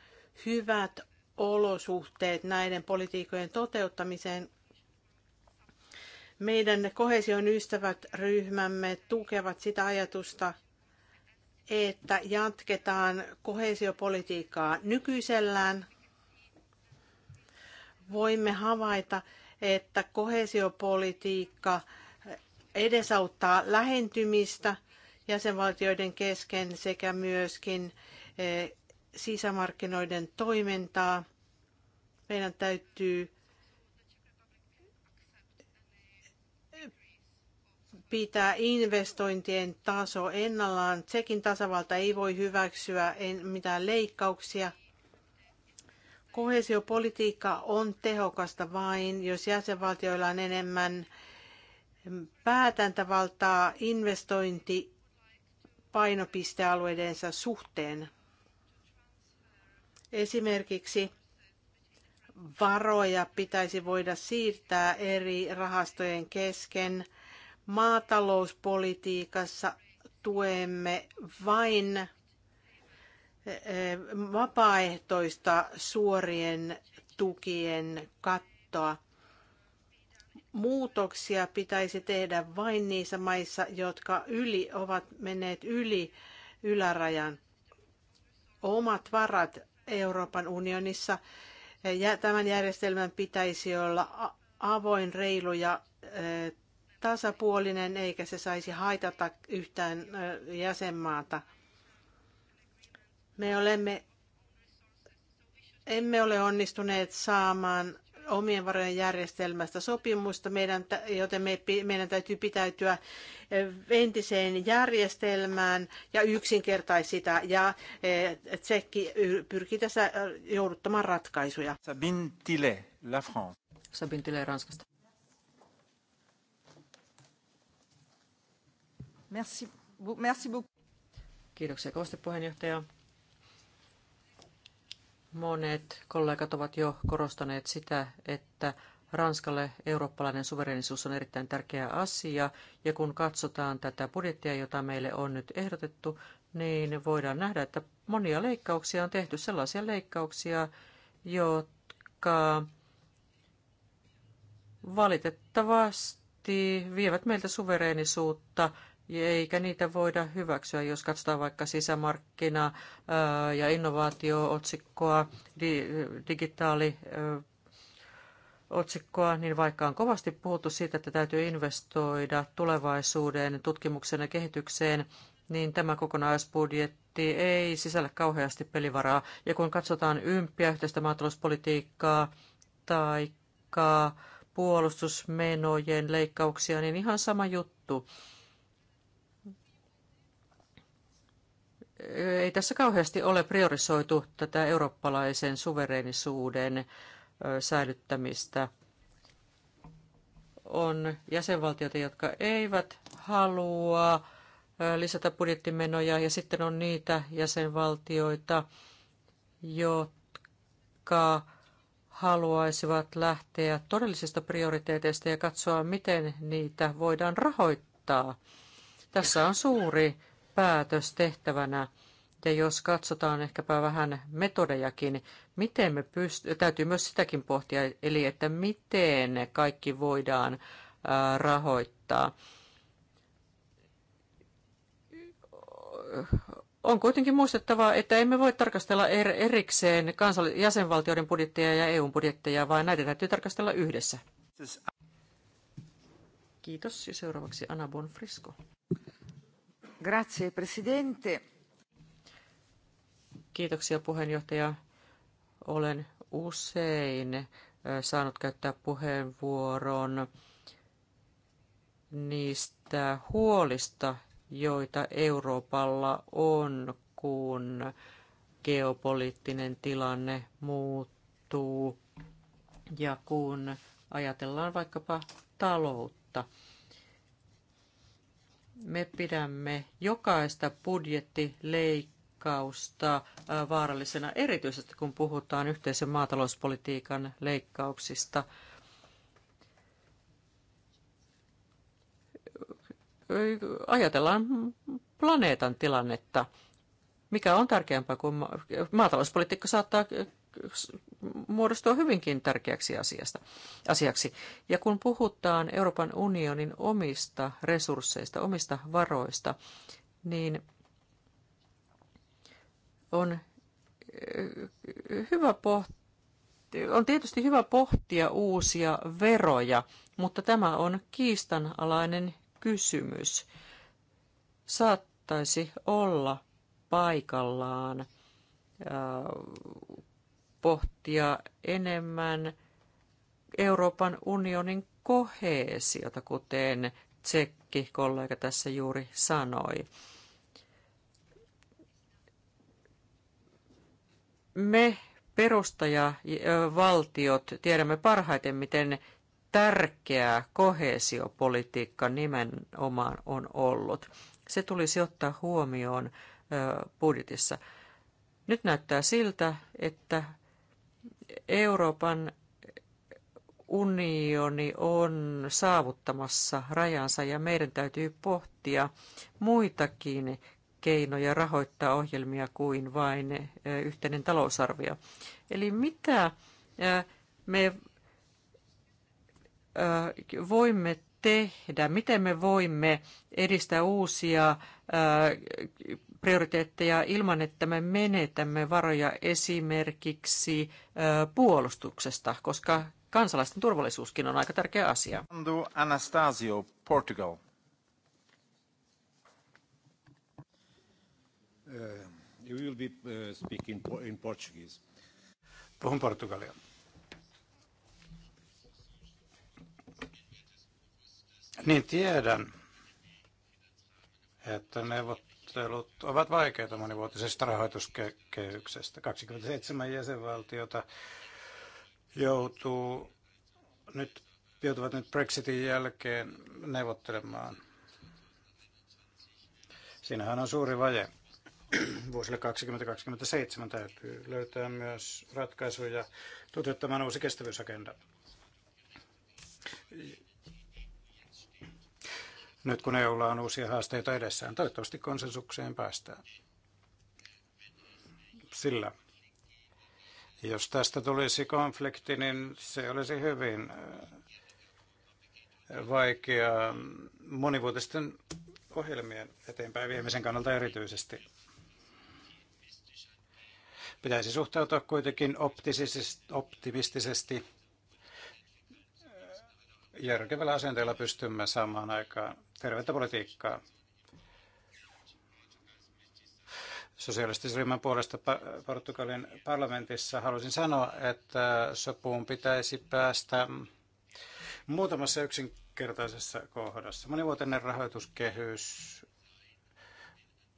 hyvät olosuhteet näiden politiikkojen toteuttamiseen meidän kohesion ystävät ryhmämme tukevat sitä ajatusta, että jatketaan kohesiopolitiikkaa nykyisellään. Voimme havaita, että kohesiopolitiikka edesauttaa lähentymistä jäsenvaltioiden kesken sekä myöskin eh, sisämarkkinoiden toimintaa. Meidän täytyy pitää investointien taso ennallaan. Tsekin tasavalta ei voi hyväksyä mitään leikkauksia. Kohesiopolitiikka on tehokasta vain, jos jäsenvaltioilla on enemmän päätäntävaltaa investointi painopistealueidensa suhteen. Esimerkiksi varoja pitäisi voida siirtää eri rahastojen kesken – maatalouspolitiikassa tuemme vain eh, vapaaehtoista suorien tukien kattoa. Muutoksia pitäisi tehdä vain niissä maissa, jotka yli, ovat menneet yli ylärajan. Omat varat Euroopan unionissa. Eh, ja tämän järjestelmän pitäisi olla avoin, reilu ja eh, tasapuolinen eikä se saisi haitata yhtään jäsenmaata. Me olemme, emme ole onnistuneet saamaan omien varojen järjestelmästä sopimusta, meidän, joten me, meidän täytyy pitäytyä entiseen järjestelmään ja yksinkertaisi sitä. Ja Tsekki pyrkii tässä jouduttamaan ratkaisuja. Sabine Tile, La France. Sabine Tile, Ranskasta. Merci, merci beaucoup. Kiitoksia kovasti puheenjohtaja. Monet kollegat ovat jo korostaneet sitä, että Ranskalle eurooppalainen suverenisuus on erittäin tärkeä asia, ja kun katsotaan tätä budjettia, jota meille on nyt ehdotettu, niin voidaan nähdä, että monia leikkauksia on tehty, sellaisia leikkauksia, jotka valitettavasti vievät meiltä suvereenisuutta eikä niitä voida hyväksyä, jos katsotaan vaikka sisämarkkina- ja innovaatio-otsikkoa, digitaali otsikkoa, niin vaikka on kovasti puhuttu siitä, että täytyy investoida tulevaisuuden tutkimukseen ja kehitykseen, niin tämä kokonaisbudjetti ei sisällä kauheasti pelivaraa. Ja kun katsotaan ympiä yhteistä maatalouspolitiikkaa tai puolustusmenojen leikkauksia, niin ihan sama juttu. ei tässä kauheasti ole priorisoitu tätä eurooppalaisen suvereenisuuden säilyttämistä. On jäsenvaltioita, jotka eivät halua lisätä budjettimenoja, ja sitten on niitä jäsenvaltioita, jotka haluaisivat lähteä todellisista prioriteeteista ja katsoa, miten niitä voidaan rahoittaa. Tässä on suuri päätös tehtävänä. Ja jos katsotaan ehkäpä vähän metodejakin, miten me pyst- täytyy myös sitäkin pohtia, eli että miten kaikki voidaan rahoittaa. On kuitenkin muistettava, että emme voi tarkastella er- erikseen kansall- jäsenvaltioiden budjetteja ja EUn budjetteja, vaan näitä täytyy tarkastella yhdessä. Kiitos ja seuraavaksi Anna Bonfrisco. Grazie, presidente. Kiitoksia puheenjohtaja. Olen usein saanut käyttää puheenvuoron niistä huolista, joita Euroopalla on, kun geopoliittinen tilanne muuttuu ja kun ajatellaan vaikkapa taloutta me pidämme jokaista budjettileikkausta äh, vaarallisena, erityisesti kun puhutaan yhteisen maatalouspolitiikan leikkauksista. Ajatellaan planeetan tilannetta. Mikä on tärkeämpää kuin maatalouspolitiikka saattaa muodostua hyvinkin tärkeäksi asiasta, asiaksi. Ja kun puhutaan Euroopan unionin omista resursseista, omista varoista, niin on eh, hyvä pohtia, on tietysti hyvä pohtia uusia veroja, mutta tämä on kiistanalainen kysymys. Saattaisi olla paikallaan eh, pohtia enemmän Euroopan unionin koheesiota, kuten tsekki kollega tässä juuri sanoi. Me perustajavaltiot tiedämme parhaiten, miten tärkeää koheesiopolitiikka nimenomaan on ollut. Se tulisi ottaa huomioon budjetissa. Nyt näyttää siltä, että Euroopan unioni on saavuttamassa rajansa ja meidän täytyy pohtia muitakin keinoja rahoittaa ohjelmia kuin vain yhteinen talousarvio. Eli mitä me voimme tehdä? Miten me voimme edistää uusia prioriteetteja ilman, että me menetämme varoja esimerkiksi puolustuksesta, koska kansalaisten turvallisuuskin on aika tärkeä asia. Anastasio, Portugal. Uh, you will be uh, speaking in Portuguese. Puhun Portugalia. Niin tiedän, että neuvottelut ovat vaikeita monivuotisesta rahoituskehyksestä. 27 jäsenvaltiota joutuu nyt, joutuvat nyt Brexitin jälkeen neuvottelemaan. Siinähän on suuri vaje. Vuosille 2027 täytyy löytää myös ratkaisuja toteuttamaan uusi kestävyysagenda nyt kun EUlla on uusia haasteita edessään. Toivottavasti konsensukseen päästään. Sillä jos tästä tulisi konflikti, niin se olisi hyvin äh, vaikea monivuotisten ohjelmien eteenpäin viemisen kannalta erityisesti. Pitäisi suhtautua kuitenkin optimistisesti järkevällä asenteella pystymme saamaan aikaan tervettä politiikkaa. Sosialistisryhmän puolesta Portugalin parlamentissa haluaisin sanoa, että sopuun pitäisi päästä muutamassa yksinkertaisessa kohdassa. Monivuotinen rahoituskehys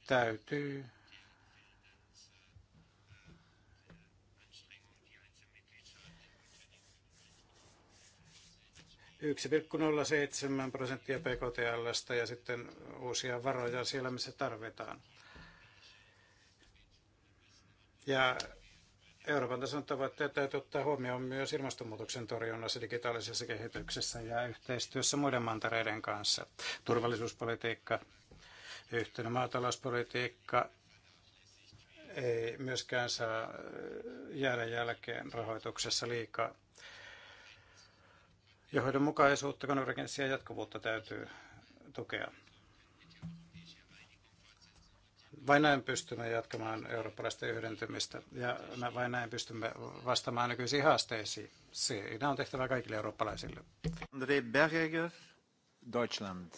täytyy 1,07 prosenttia PKTLstä ja sitten uusia varoja siellä, missä tarvitaan. Ja Euroopan tason tavoitteet täytyy ottaa huomioon myös ilmastonmuutoksen torjunnassa, digitaalisessa kehityksessä ja yhteistyössä muiden mantareiden kanssa. Turvallisuuspolitiikka, yhteinen maatalouspolitiikka ei myöskään saa jäädä jälkeen rahoituksessa liikaa johdonmukaisuutta, konvergenssia ja jatkuvuutta täytyy tukea. Vain näin pystymme jatkamaan eurooppalaista yhdentymistä ja vain näin pystymme vastaamaan nykyisiin haasteisiin. Siinä on tehtävä kaikille eurooppalaisille. André Berger, Deutschland.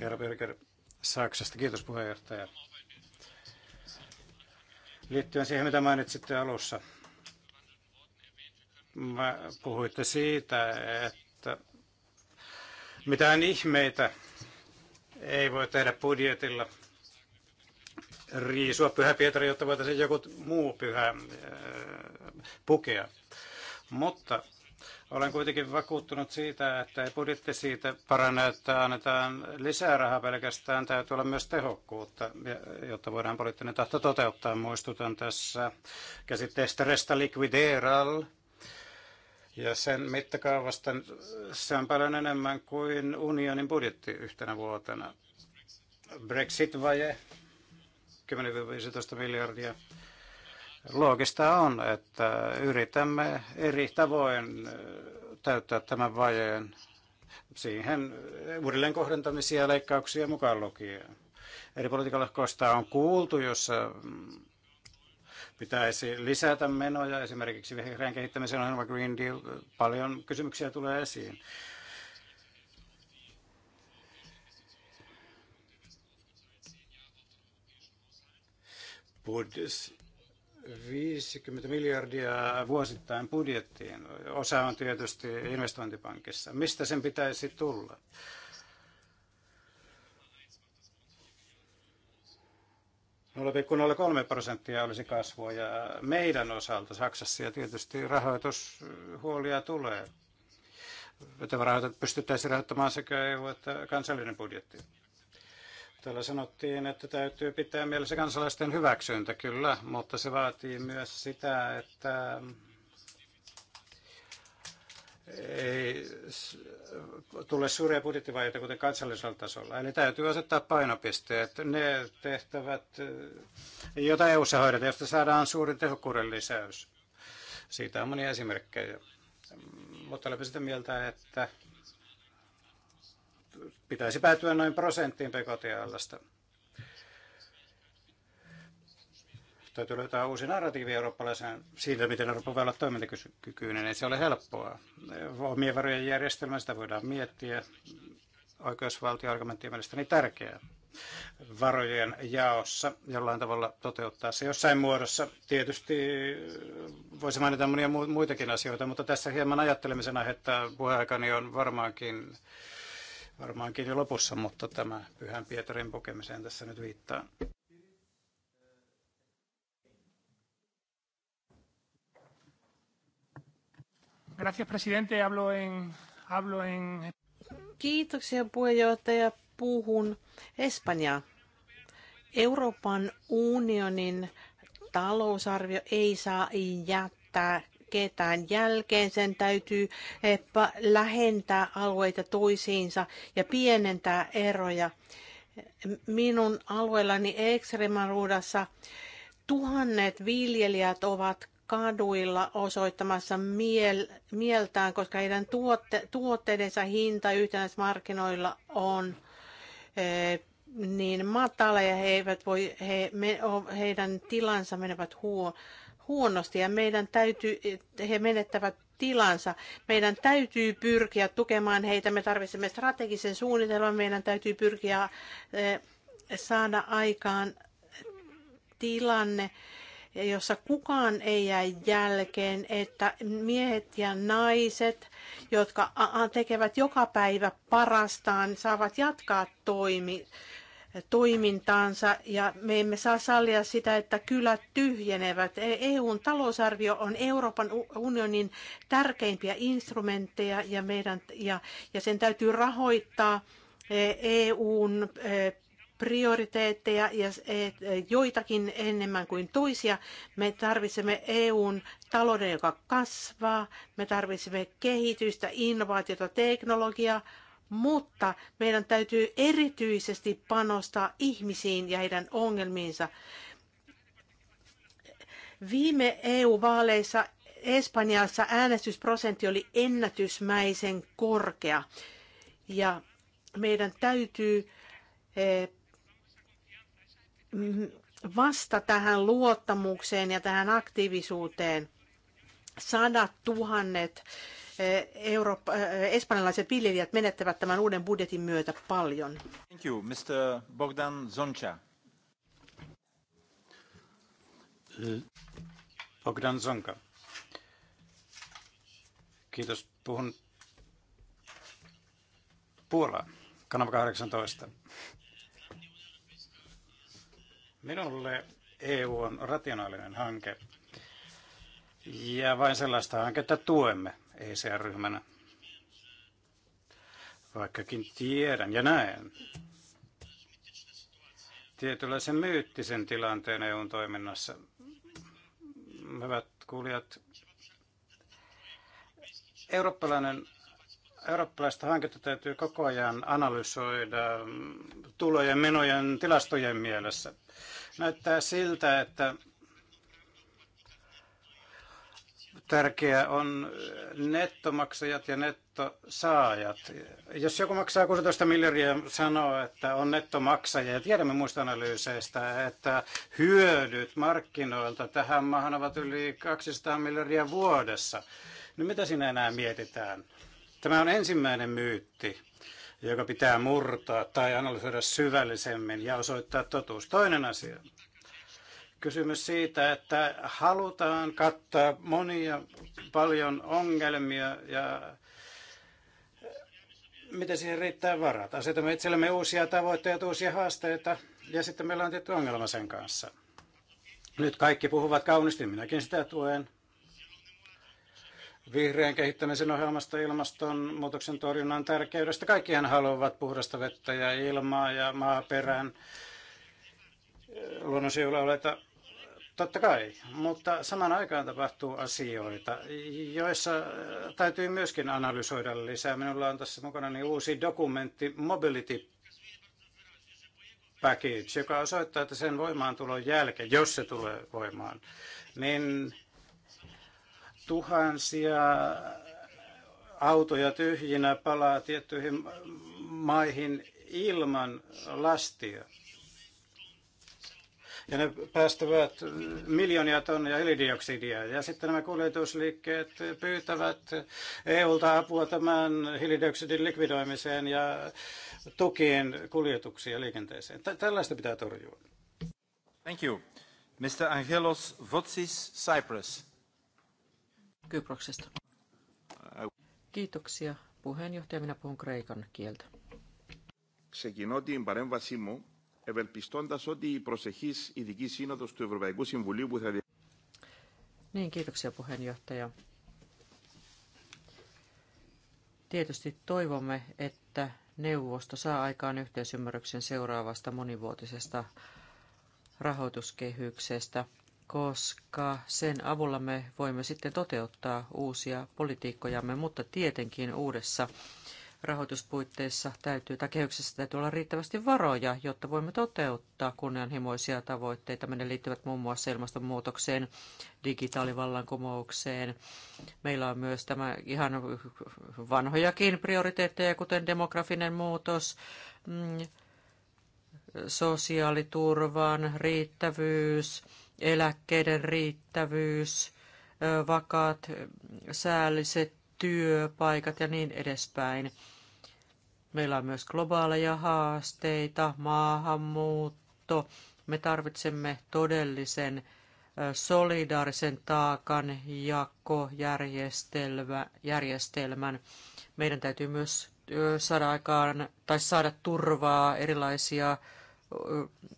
Herra Berger, Saksasta. Kiitos puheenjohtaja. Liittyen siihen, mitä mainitsitte alussa Mä puhuitte siitä, että mitään ihmeitä ei voi tehdä budjetilla riisua Pyhä Pietari, jotta voitaisiin joku muu pyhä äh, pukea. Mutta olen kuitenkin vakuuttunut siitä, että ei budjetti siitä parane, että annetaan lisää rahaa pelkästään. Täytyy olla myös tehokkuutta, jotta voidaan poliittinen tahto toteuttaa. Muistutan tässä käsitteestä resta liquideral, ja sen mittakaavasta se on paljon enemmän kuin unionin budjetti yhtenä vuotena. Brexit-vaje, 10-15 miljardia. Loogista on, että yritämme eri tavoin äh, täyttää tämän vajeen siihen uudelleen kohdentamisia ja leikkauksia mukaan lukien. Eri politiikalla on kuultu, jossa mm, pitäisi lisätä menoja, esimerkiksi vihreän kehittämisen ohjelma Green Deal, paljon kysymyksiä tulee esiin. Budis, 50 miljardia vuosittain budjettiin. Osa on tietysti investointipankissa. Mistä sen pitäisi tulla? 0,03 prosenttia olisi kasvua ja meidän osalta Saksassa ja tietysti rahoitushuolia tulee. Vetävärahoitet pystyttäisiin rahoittamaan sekä EU että kansallinen budjetti. Täällä sanottiin, että täytyy pitää mielessä kansalaisten hyväksyntä, kyllä, mutta se vaatii myös sitä, että ei tule suuria budjettivajeita kuten kansallisella tasolla. Eli täytyy asettaa painopisteet. Ne tehtävät, eh, joita EU-ssa hoidetaan, josta saadaan suurin tehokkuuden lisäys. Siitä on monia esimerkkejä. Mm, mutta olemme sitä mieltä, että pitäisi päätyä noin prosenttiin pekotialasta. Täytyy löytää uusi narratiivi eurooppalaisen siitä, miten Eurooppa voi olla toimintakykyinen. Ei se ole helppoa. Omien varojen järjestelmä, sitä voidaan miettiä. Oikeusvaltioargumentti on mielestäni tärkeää varojen jaossa jollain tavalla toteuttaa se jossain muodossa. Tietysti voisi mainita monia muitakin asioita, mutta tässä hieman ajattelemisen aihetta puheaikani on varmaankin, varmaankin jo lopussa, mutta tämä Pyhän Pietarin pukemiseen tässä nyt viittaa. Gracias, presidente. Hablo en, hablo en... Kiitoksia puheenjohtaja. Puhun Espanjaa. Euroopan unionin talousarvio ei saa jättää ketään jälkeen. Sen täytyy lähentää alueita toisiinsa ja pienentää eroja. Minun alueellani Ekstremaruudassa tuhannet viljelijät ovat kaduilla osoittamassa miel, mieltään, koska heidän tuotte, tuotteidensa hinta yhtenäismarkkinoilla on e, niin matala ja he eivät voi, he, me, heidän tilansa menevät huo, huonosti ja meidän täytyy, eh, he menettävät tilansa. Meidän täytyy pyrkiä tukemaan heitä, me tarvitsemme strategisen suunnitelman, meidän täytyy pyrkiä e, saada aikaan tilanne, jossa kukaan ei jää jälkeen, että miehet ja naiset, jotka tekevät joka päivä parastaan, saavat jatkaa toimi, toimintaansa ja me emme saa sallia sitä, että kylät tyhjenevät. EUn e talousarvio on Euroopan unionin tärkeimpiä instrumentteja ja, meidän, ja, ja sen täytyy rahoittaa EUn e e, prioriteetteja ja joitakin enemmän kuin toisia. Me tarvitsemme EUn talouden, joka kasvaa. Me tarvitsemme kehitystä, innovaatiota, teknologiaa, mutta meidän täytyy erityisesti panostaa ihmisiin ja heidän ongelmiinsa. Viime EU-vaaleissa Espanjassa äänestysprosentti oli ennätysmäisen korkea ja meidän täytyy eh, vasta tähän luottamukseen ja tähän aktiivisuuteen sadat tuhannet eh, Eurooppa, eh, espanjalaiset viljelijät menettävät tämän uuden budjetin myötä paljon. Thank you, Mr. Bogdan Bogdan Zonka. Kiitos. Puhun kanava 18. Minulle EU on rationaalinen hanke ja vain sellaista hanketta tuemme ECR-ryhmänä. Vaikkakin tiedän ja näen tietynlaisen myyttisen tilanteen EUn toiminnassa. Hyvät kuulijat, eurooppalainen eurooppalaista hanketta täytyy koko ajan analysoida tulojen, menojen, tilastojen mielessä. Näyttää siltä, että tärkeää on nettomaksajat ja nettosaajat. Jos joku maksaa 16 miljardia sanoo, että on nettomaksaja, ja tiedämme muista analyyseistä, että hyödyt markkinoilta tähän maahan ovat yli 200 miljardia vuodessa. No mitä siinä enää mietitään? Tämä on ensimmäinen myytti, joka pitää murtaa tai analysoida syvällisemmin ja osoittaa totuus. Toinen asia. Kysymys siitä, että halutaan kattaa monia paljon ongelmia ja miten siihen riittää varat. Asetamme itsellemme uusia tavoitteita, uusia haasteita ja sitten meillä on tietty ongelma sen kanssa. Nyt kaikki puhuvat kauniisti, minäkin sitä tuen, vihreän kehittämisen ohjelmasta, ilmastonmuutoksen torjunnan tärkeydestä. Kaikkihan haluavat puhdasta vettä ja ilmaa ja maaperään luonnonsuojelualueita. Totta kai, mutta saman aikaan tapahtuu asioita, joissa äh, täytyy myöskin analysoida lisää. Minulla on tässä mukana niin uusi dokumentti Mobility Package, joka osoittaa, että sen voimaantulon jälkeen, jos se tulee voimaan, niin Tuhansia autoja tyhjinä palaa tiettyihin maihin ilman lastia. Ja ne päästävät miljoonia tonnia hiilidioksidia. Ja sitten nämä kuljetusliikkeet pyytävät EUlta apua tämän hiilidioksidin likvidoimiseen ja tukien kuljetuksia liikenteeseen. Tällaista pitää torjua. Thank you. Mr. Angelos Votsis, Cyprus. Kyproksesta. Kiitoksia puheenjohtaja. Minä puhun kreikan kieltä. Ξεκινώ την παρέμβασή μου ευελπιστώντα ότι η προσεχή ειδική σύνοδο του Ευρωπαϊκού Συμβουλίου που θα Niin, kiitoksia puheenjohtaja. Tietysti toivomme, että neuvosto saa aikaan yhteisymmärryksen seuraavasta monivuotisesta rahoituskehyksestä koska sen avulla me voimme sitten toteuttaa uusia politiikkojamme, mutta tietenkin uudessa rahoituspuitteissa täytyy, tai kehyksessä täytyy olla riittävästi varoja, jotta voimme toteuttaa kunnianhimoisia tavoitteita. Ne liittyvät muun muassa ilmastonmuutokseen, digitaalivallankumoukseen. Meillä on myös tämä ihan vanhojakin prioriteetteja, kuten demografinen muutos, mm, sosiaaliturvan riittävyys, eläkkeiden riittävyys, vakaat, säälliset työpaikat ja niin edespäin. Meillä on myös globaaleja haasteita, maahanmuutto. Me tarvitsemme todellisen solidaarisen taakan jakojärjestelmän. Meidän täytyy myös saada aikaan tai saada turvaa erilaisia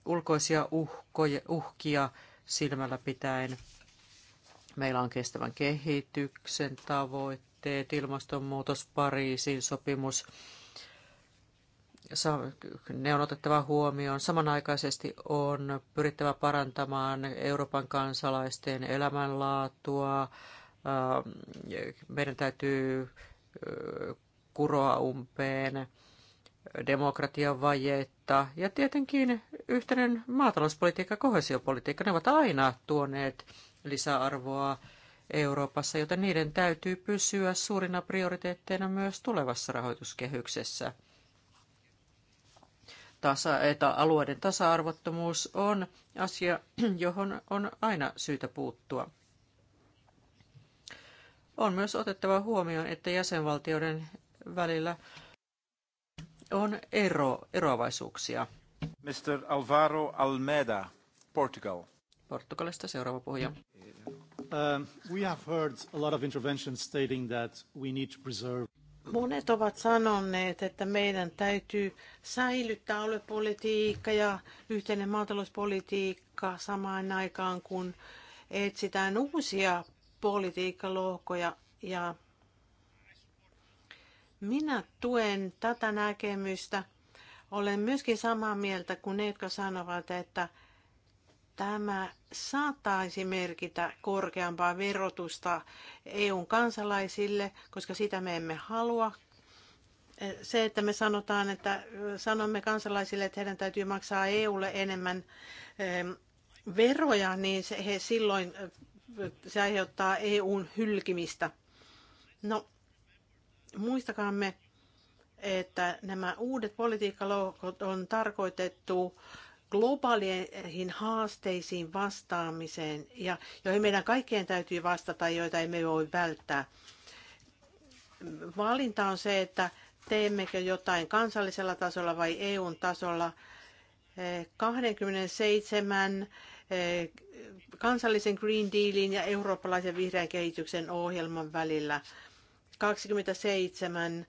ulkoisia uhkoja, uhkia silmällä pitäen. Meillä on kestävän kehityksen tavoitteet, ilmastonmuutos, Pariisin sopimus. Ne on otettava huomioon. Samanaikaisesti on pyrittävä parantamaan Euroopan kansalaisten elämänlaatua. Ähm, meidän täytyy äh, kuroa umpeen vajetta ja tietenkin yhteinen maatalouspolitiikka ja kohesiopolitiikka, ne ovat aina tuoneet lisäarvoa Euroopassa, joten niiden täytyy pysyä suurina prioriteetteina myös tulevassa rahoituskehyksessä. Tasa, että alueiden tasa-arvottomuus on asia, johon on aina syytä puuttua. On myös otettava huomioon, että jäsenvaltioiden välillä on ero, eroavaisuuksia. Mr. Alvaro Almeida, Portugal. Portugalista seuraava puhuja. Uh, we have heard a lot of interventions stating that we need to preserve Monet ovat sanoneet, että meidän täytyy säilyttää aluepolitiikka ja yhteinen maatalouspolitiikka samaan aikaan, kun etsitään uusia politiikkalohkoja ja minä tuen tätä näkemystä. Olen myöskin samaa mieltä kuin ne, jotka sanovat, että tämä saattaisi merkitä korkeampaa verotusta EUn kansalaisille, koska sitä me emme halua. Se, että me sanotaan, että sanomme kansalaisille, että heidän täytyy maksaa EUlle enemmän ehm, veroja, niin se, he silloin se aiheuttaa EUn hylkimistä. No, Muistakaamme, että nämä uudet politiikkalohkot on tarkoitettu globaaleihin haasteisiin vastaamiseen, ja joihin meidän kaikkien täytyy vastata, joita emme voi välttää. Valinta on se, että teemmekö jotain kansallisella tasolla vai EUn tasolla. 27 eh, kansallisen Green Dealin ja eurooppalaisen vihreän kehityksen ohjelman välillä – 27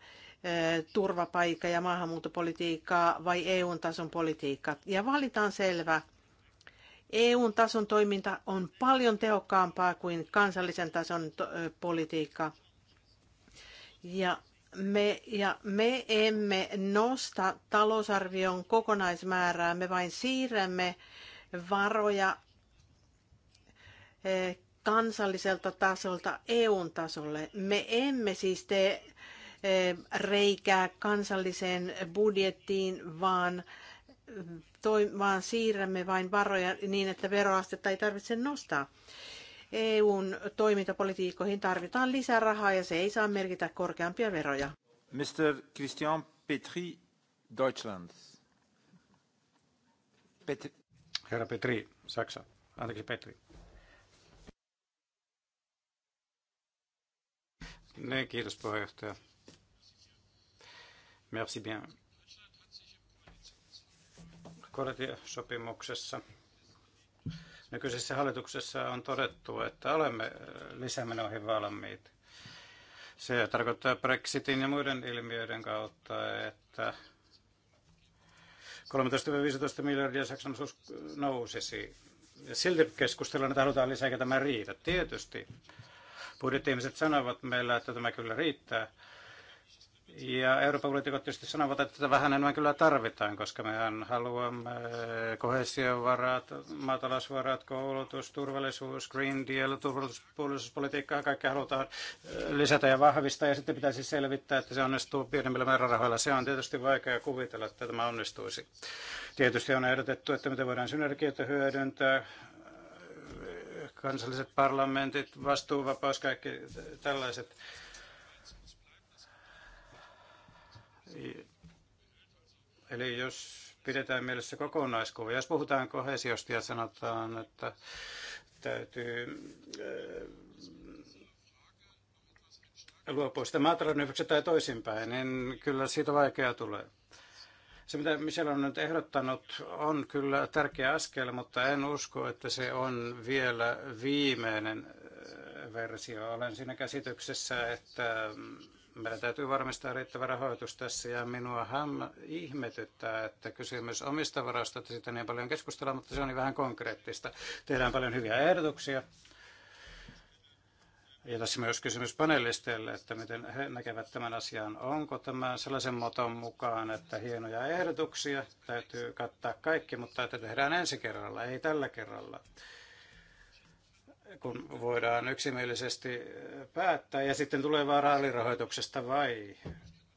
turvapaikka- ja maahanmuuttopolitiikkaa vai EU-tason politiikkaa. Ja valitaan selvä. EU-tason toiminta on paljon tehokkaampaa kuin kansallisen tason politiikka. Ja me, ja me emme nosta talousarvion kokonaismäärää, me vain siirrämme varoja kansalliselta tasolta EUn tasolle. Me emme siis tee eh, reikää kansalliseen budjettiin, vaan, toi, vaan siirrämme vain varoja niin, että veroastetta ei tarvitse nostaa. EUn toimintapolitiikkoihin tarvitaan lisää rahaa ja se ei saa merkitä korkeampia veroja. Mr. Christian Petri, Deutschland. Petri. Herra Petri, Saksa. Anteeksi Petri. Ne, kiitos puheenjohtaja. Merci bien. Koalitiosopimuksessa nykyisessä hallituksessa on todettu, että olemme äh, lisämenoihin valmiit. Se tarkoittaa Brexitin ja muiden ilmiöiden kautta, että 13-15 miljardia Saksan osuus nousisi. Silti keskustellaan, että halutaan lisää, eikä tämä riitä. Tietysti budjetti sanovat meillä, että tämä kyllä riittää. Ja Euroopan poliitikot tietysti sanovat, että tätä vähän enemmän kyllä tarvitaan, koska mehän haluamme kohesiovarat, maatalousvarat, koulutus, turvallisuus, Green Deal, turvallisuuspolitiikkaa, kaikkea halutaan lisätä ja vahvistaa. Ja sitten pitäisi selvittää, että se onnistuu pienemmillä määrärahoilla. Se on tietysti vaikea kuvitella, että tämä onnistuisi. Tietysti on ehdotettu, että miten voidaan synergioita hyödyntää kansalliset parlamentit, vastuuvapaus, kaikki tällaiset. Eli jos pidetään mielessä kokonaiskuva, jos puhutaan kohesiosta ja sanotaan, että täytyy luopua sitä maatalouden tai toisinpäin, niin kyllä siitä vaikea tulee. Se, mitä Michel on nyt ehdottanut, on kyllä tärkeä askel, mutta en usko, että se on vielä viimeinen äh, versio. Olen siinä käsityksessä, että mm, meidän täytyy varmistaa riittävä rahoitus tässä ja minua ham ihmetyttää, että kysymys omista varoista, että siitä niin paljon keskustellaan, mutta se on niin vähän konkreettista. Tehdään paljon hyviä ehdotuksia, ja tässä myös kysymys panelisteille, että miten he näkevät tämän asian. Onko tämä sellaisen moton mukaan, että hienoja ehdotuksia täytyy kattaa kaikki, mutta että tehdään ensi kerralla, ei tällä kerralla. Kun voidaan yksimielisesti päättää ja sitten tulee vaan vai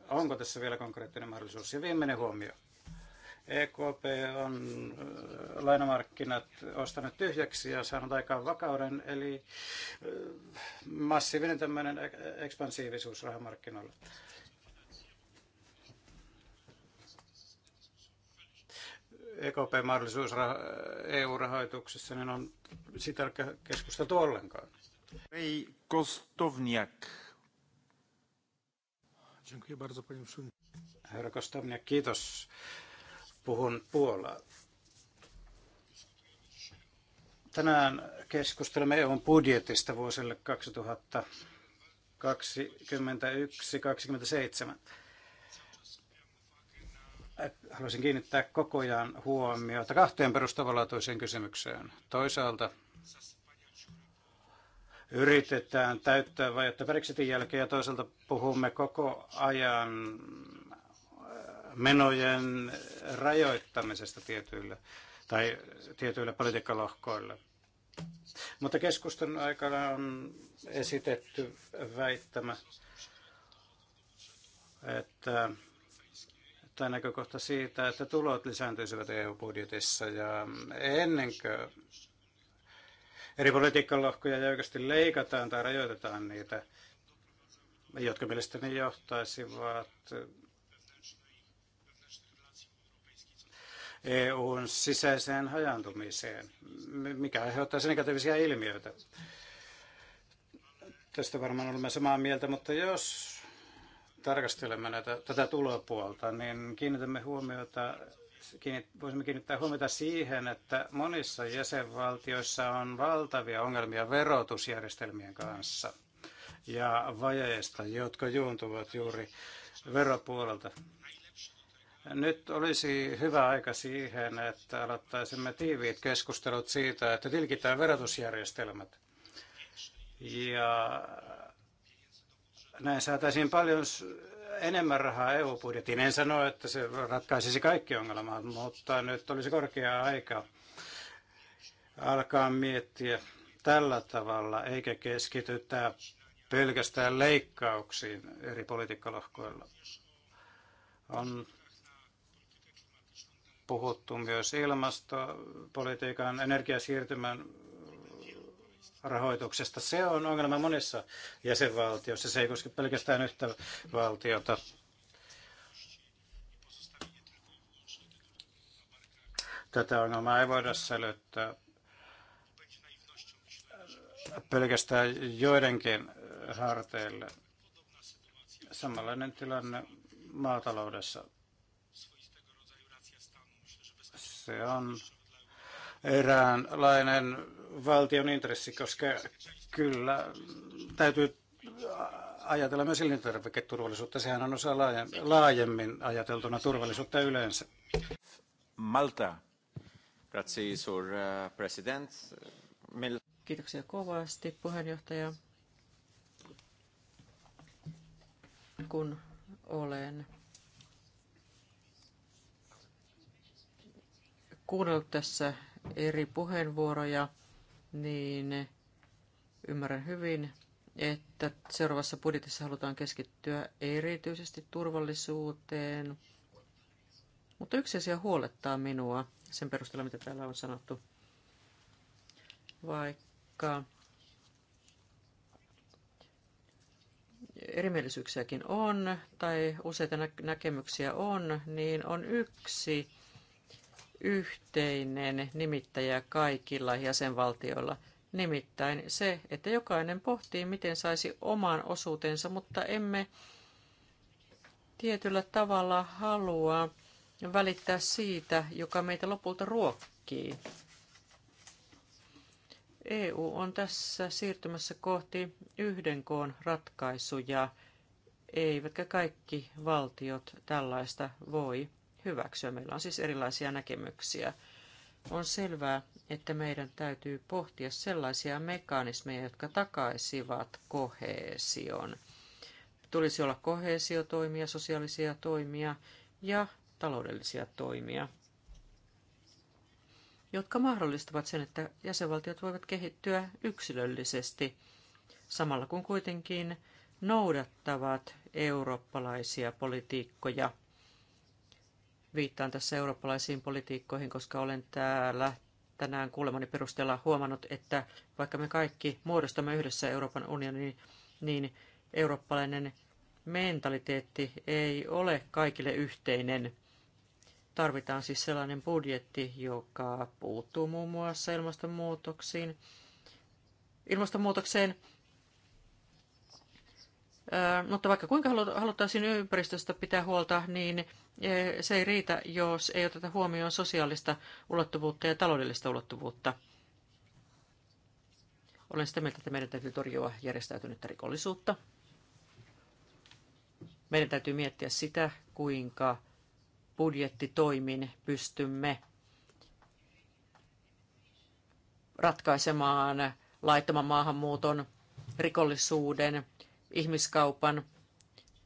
onko tässä vielä konkreettinen mahdollisuus? Ja viimeinen huomio. EKP on äh, lainamarkkinat ostanut tyhjäksi ja saanut aikaan vakauden, eli äh, massiivinen tämmöinen ekspansiivisuus rahamarkkinoilla. EKP-mahdollisuus EU-rahoituksessa, niin on sitä keskusteltu ollenkaan. Ei Kostovniak. Herra Kostovniak, kiitos puhun Puolaa. Tänään keskustelemme EUn budjetista vuosille 2021-2027. Haluaisin kiinnittää koko ajan huomiota kahteen perustavanlaatuiseen kysymykseen. Toisaalta yritetään täyttää vajetta Brexitin jälkeen ja toisaalta puhumme koko ajan menojen rajoittamisesta tietyillä, tai tietyillä politiikkalohkoilla. Mutta keskustelun aikana on esitetty väittämä, että tämä näkökohta siitä, että tulot lisääntyisivät EU-budjetissa ja ennen kuin eri politiikkalohkoja jäykästi leikataan tai rajoitetaan niitä, jotka mielestäni johtaisivat EUn sisäiseen hajantumiseen, mikä aiheuttaa sen negatiivisia ilmiöitä. Tästä varmaan olemme samaa mieltä, mutta jos tarkastelemme näitä, tätä tulopuolta, niin kiinnitämme huomiota, kiinnit, voisimme kiinnittää huomiota siihen, että monissa jäsenvaltioissa on valtavia ongelmia verotusjärjestelmien kanssa ja vajeista, jotka juontuvat juuri veropuolelta. Nyt olisi hyvä aika siihen, että aloittaisimme tiiviit keskustelut siitä, että tilkitään verotusjärjestelmät. Ja näin saataisiin paljon enemmän rahaa EU-budjettiin. En sano, että se ratkaisisi kaikki ongelmat, mutta nyt olisi korkea aika alkaa miettiä tällä tavalla, eikä keskitytä pelkästään leikkauksiin eri politiikkalohkoilla. On puhuttu myös ilmastopolitiikan, energiasiirtymän rahoituksesta. Se on ongelma monissa jäsenvaltioissa. Se ei koske pelkästään yhtä valtiota. Tätä ongelmaa ei voida selittää pelkästään joidenkin harteille. Samanlainen tilanne maataloudessa. Se on eräänlainen valtion intressi, koska kyllä täytyy ajatella myös elintarviketurvallisuutta. Sehän on osa laajemmin ajateltuna turvallisuutta yleensä. Malta. Uh, Kiitoksia kovasti, puheenjohtaja. Kun olen kuunnellut tässä eri puheenvuoroja, niin ymmärrän hyvin, että seuraavassa budjetissa halutaan keskittyä erityisesti turvallisuuteen. Mutta yksi asia huolettaa minua sen perusteella, mitä täällä on sanottu. Vaikka erimielisyyksiäkin on tai useita näkemyksiä on, niin on yksi yhteinen nimittäjä kaikilla jäsenvaltioilla. Nimittäin se, että jokainen pohtii, miten saisi oman osuutensa, mutta emme tietyllä tavalla halua välittää siitä, joka meitä lopulta ruokkii. EU on tässä siirtymässä kohti yhden koon ratkaisuja, eivätkä kaikki valtiot tällaista voi hyväksyä. Meillä on siis erilaisia näkemyksiä. On selvää, että meidän täytyy pohtia sellaisia mekanismeja, jotka takaisivat kohesion. Tulisi olla kohesiotoimia, sosiaalisia toimia ja taloudellisia toimia, jotka mahdollistavat sen, että jäsenvaltiot voivat kehittyä yksilöllisesti, samalla kun kuitenkin noudattavat eurooppalaisia politiikkoja – Viittaan tässä eurooppalaisiin politiikkoihin, koska olen täällä tänään kuulemani perusteella huomannut, että vaikka me kaikki muodostamme yhdessä Euroopan unionin, niin eurooppalainen mentaliteetti ei ole kaikille yhteinen. Tarvitaan siis sellainen budjetti, joka puuttuu muun muassa ilmastonmuutoksiin, ilmastonmuutokseen. Mutta vaikka kuinka haluttaisiin ympäristöstä pitää huolta, niin se ei riitä, jos ei oteta huomioon sosiaalista ulottuvuutta ja taloudellista ulottuvuutta. Olen sitä mieltä, että meidän täytyy torjua järjestäytynyttä rikollisuutta. Meidän täytyy miettiä sitä, kuinka budjettitoimin pystymme ratkaisemaan laittoman maahanmuuton, rikollisuuden, ihmiskaupan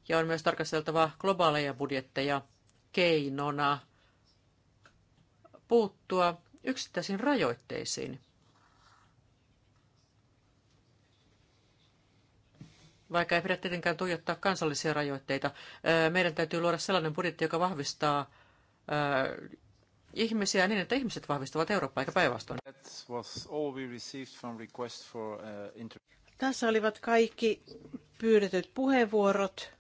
ja on myös tarkasteltava globaaleja budjetteja keinona puuttua yksittäisiin rajoitteisiin. Vaikka ei pidä tietenkään tuijottaa kansallisia rajoitteita, meidän täytyy luoda sellainen budjetti, joka vahvistaa ihmisiä niin, että ihmiset vahvistavat Eurooppaa eikä päinvastoin. Uh, Tässä olivat kaikki pyydetyt puheenvuorot.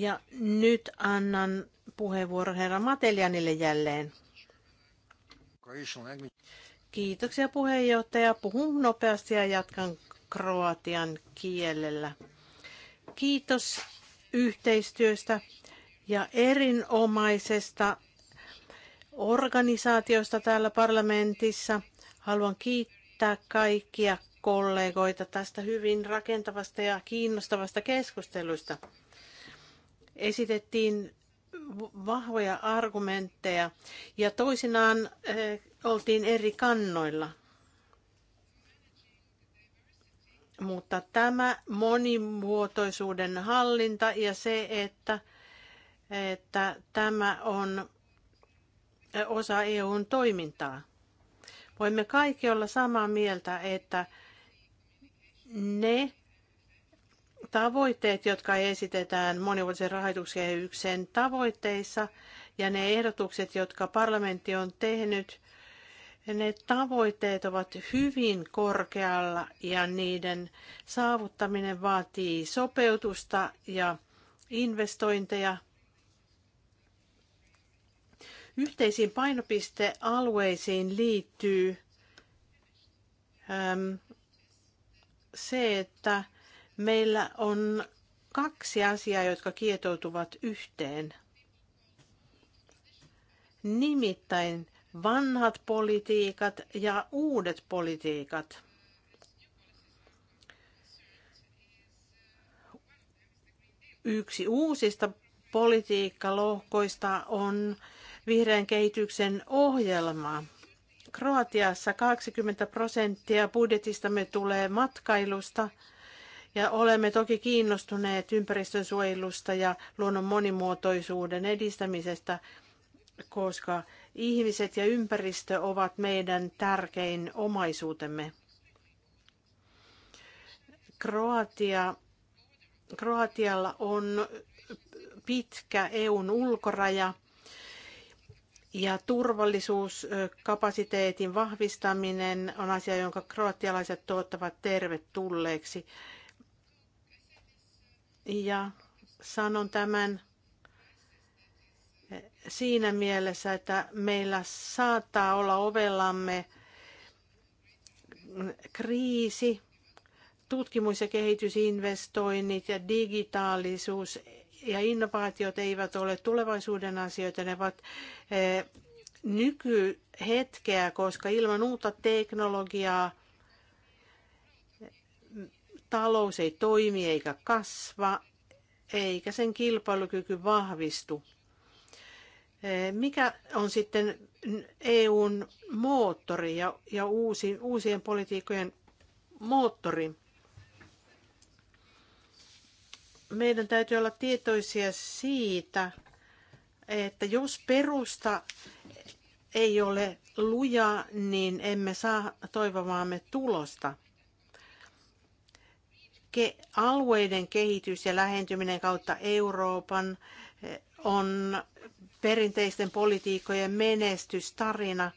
Ja nyt annan puheenvuoron herra Matelianille jälleen. Kiitoksia puheenjohtaja. Puhun nopeasti ja jatkan kroatian kielellä. Kiitos yhteistyöstä ja erinomaisesta organisaatiosta täällä parlamentissa. Haluan kiittää kaikkia kollegoita tästä hyvin rakentavasta ja kiinnostavasta keskustelusta esitettiin vahvoja argumentteja ja toisinaan eh, oltiin eri kannoilla. Mutta tämä monimuotoisuuden hallinta ja se, että, että tämä on eh, osa EUn toimintaa. Voimme kaikki olla samaa mieltä, että ne tavoitteet, jotka esitetään monivuotisen rahoituskehyksen tavoitteissa ja ne ehdotukset, jotka parlamentti on tehnyt, ne tavoitteet ovat hyvin korkealla ja niiden saavuttaminen vaatii sopeutusta ja investointeja yhteisiin painopistealueisiin liittyy äm, se, että Meillä on kaksi asiaa, jotka kietoutuvat yhteen. Nimittäin vanhat politiikat ja uudet politiikat. Yksi uusista politiikkalohkoista on vihreän kehityksen ohjelma. Kroatiassa 20 prosenttia budjetistamme tulee matkailusta – ja olemme toki kiinnostuneet ympäristönsuojelusta ja luonnon monimuotoisuuden edistämisestä, koska ihmiset ja ympäristö ovat meidän tärkein omaisuutemme. Kroatia, Kroatialla on pitkä EUn ulkoraja ja turvallisuuskapasiteetin vahvistaminen on asia, jonka kroatialaiset tuottavat tervetulleeksi. Ja sanon tämän siinä mielessä, että meillä saattaa olla ovellamme kriisi, tutkimus- ja kehitysinvestoinnit ja digitaalisuus ja innovaatiot eivät ole tulevaisuuden asioita, ne ovat eh, nykyhetkeä, koska ilman uutta teknologiaa talous ei toimi eikä kasva, eikä sen kilpailukyky vahvistu. Eh, mikä on sitten EUn moottori ja, ja uusi, uusien politiikkojen moottori? Meidän täytyy olla tietoisia siitä, että jos perusta ei ole luja, niin emme saa toivomaamme tulosta alueiden kehitys ja lähentyminen kautta Euroopan eh, on perinteisten politiikkojen menestystarina.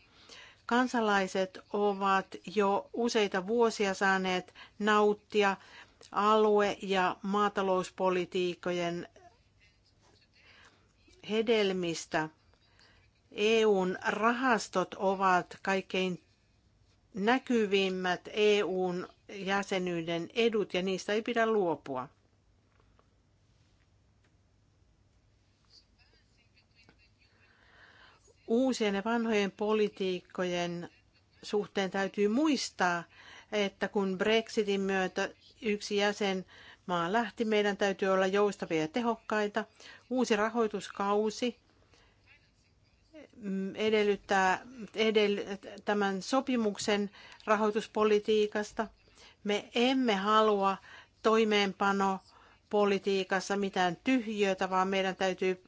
Kansalaiset ovat jo useita vuosia saaneet nauttia alue- ja maatalouspolitiikkojen hedelmistä. EUn rahastot ovat kaikkein näkyvimmät EUn jäsenyyden edut ja niistä ei pidä luopua. Uusien ja vanhojen politiikkojen suhteen täytyy muistaa, että kun Brexitin myötä yksi jäsenmaa lähti, meidän täytyy olla joustavia ja tehokkaita. Uusi rahoituskausi edellyttää edell- tämän sopimuksen rahoituspolitiikasta – me emme halua toimeenpano politiikassa mitään tyhjiötä, vaan meidän täytyy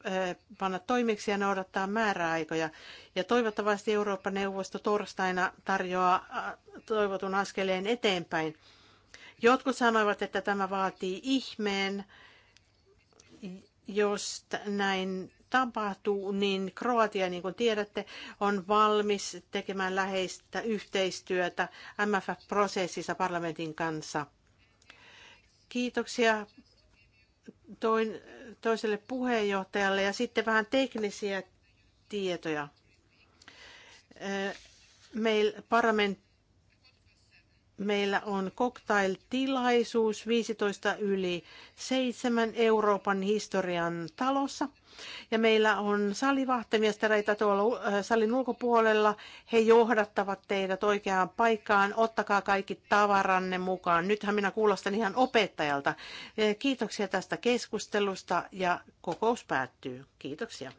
panna toimiksi ja noudattaa määräaikoja. Ja toivottavasti Eurooppa-neuvosto torstaina tarjoaa toivotun askeleen eteenpäin. Jotkut sanoivat, että tämä vaatii ihmeen, jos näin tapahtuu, niin Kroatia, niin kuin tiedätte, on valmis tekemään läheistä yhteistyötä MFF-prosessissa parlamentin kanssa. Kiitoksia toin, toiselle puheenjohtajalle ja sitten vähän teknisiä tietoja. Meillä parlament meillä on cocktail-tilaisuus 15 yli 7 Euroopan historian talossa – ja meillä on salivahtemestareita tuolla äh, salin ulkopuolella. He johdattavat teidät oikeaan paikkaan. Ottakaa kaikki tavaranne mukaan. Nythän minä kuulostan ihan opettajalta. Äh, kiitoksia tästä keskustelusta ja kokous päättyy. Kiitoksia.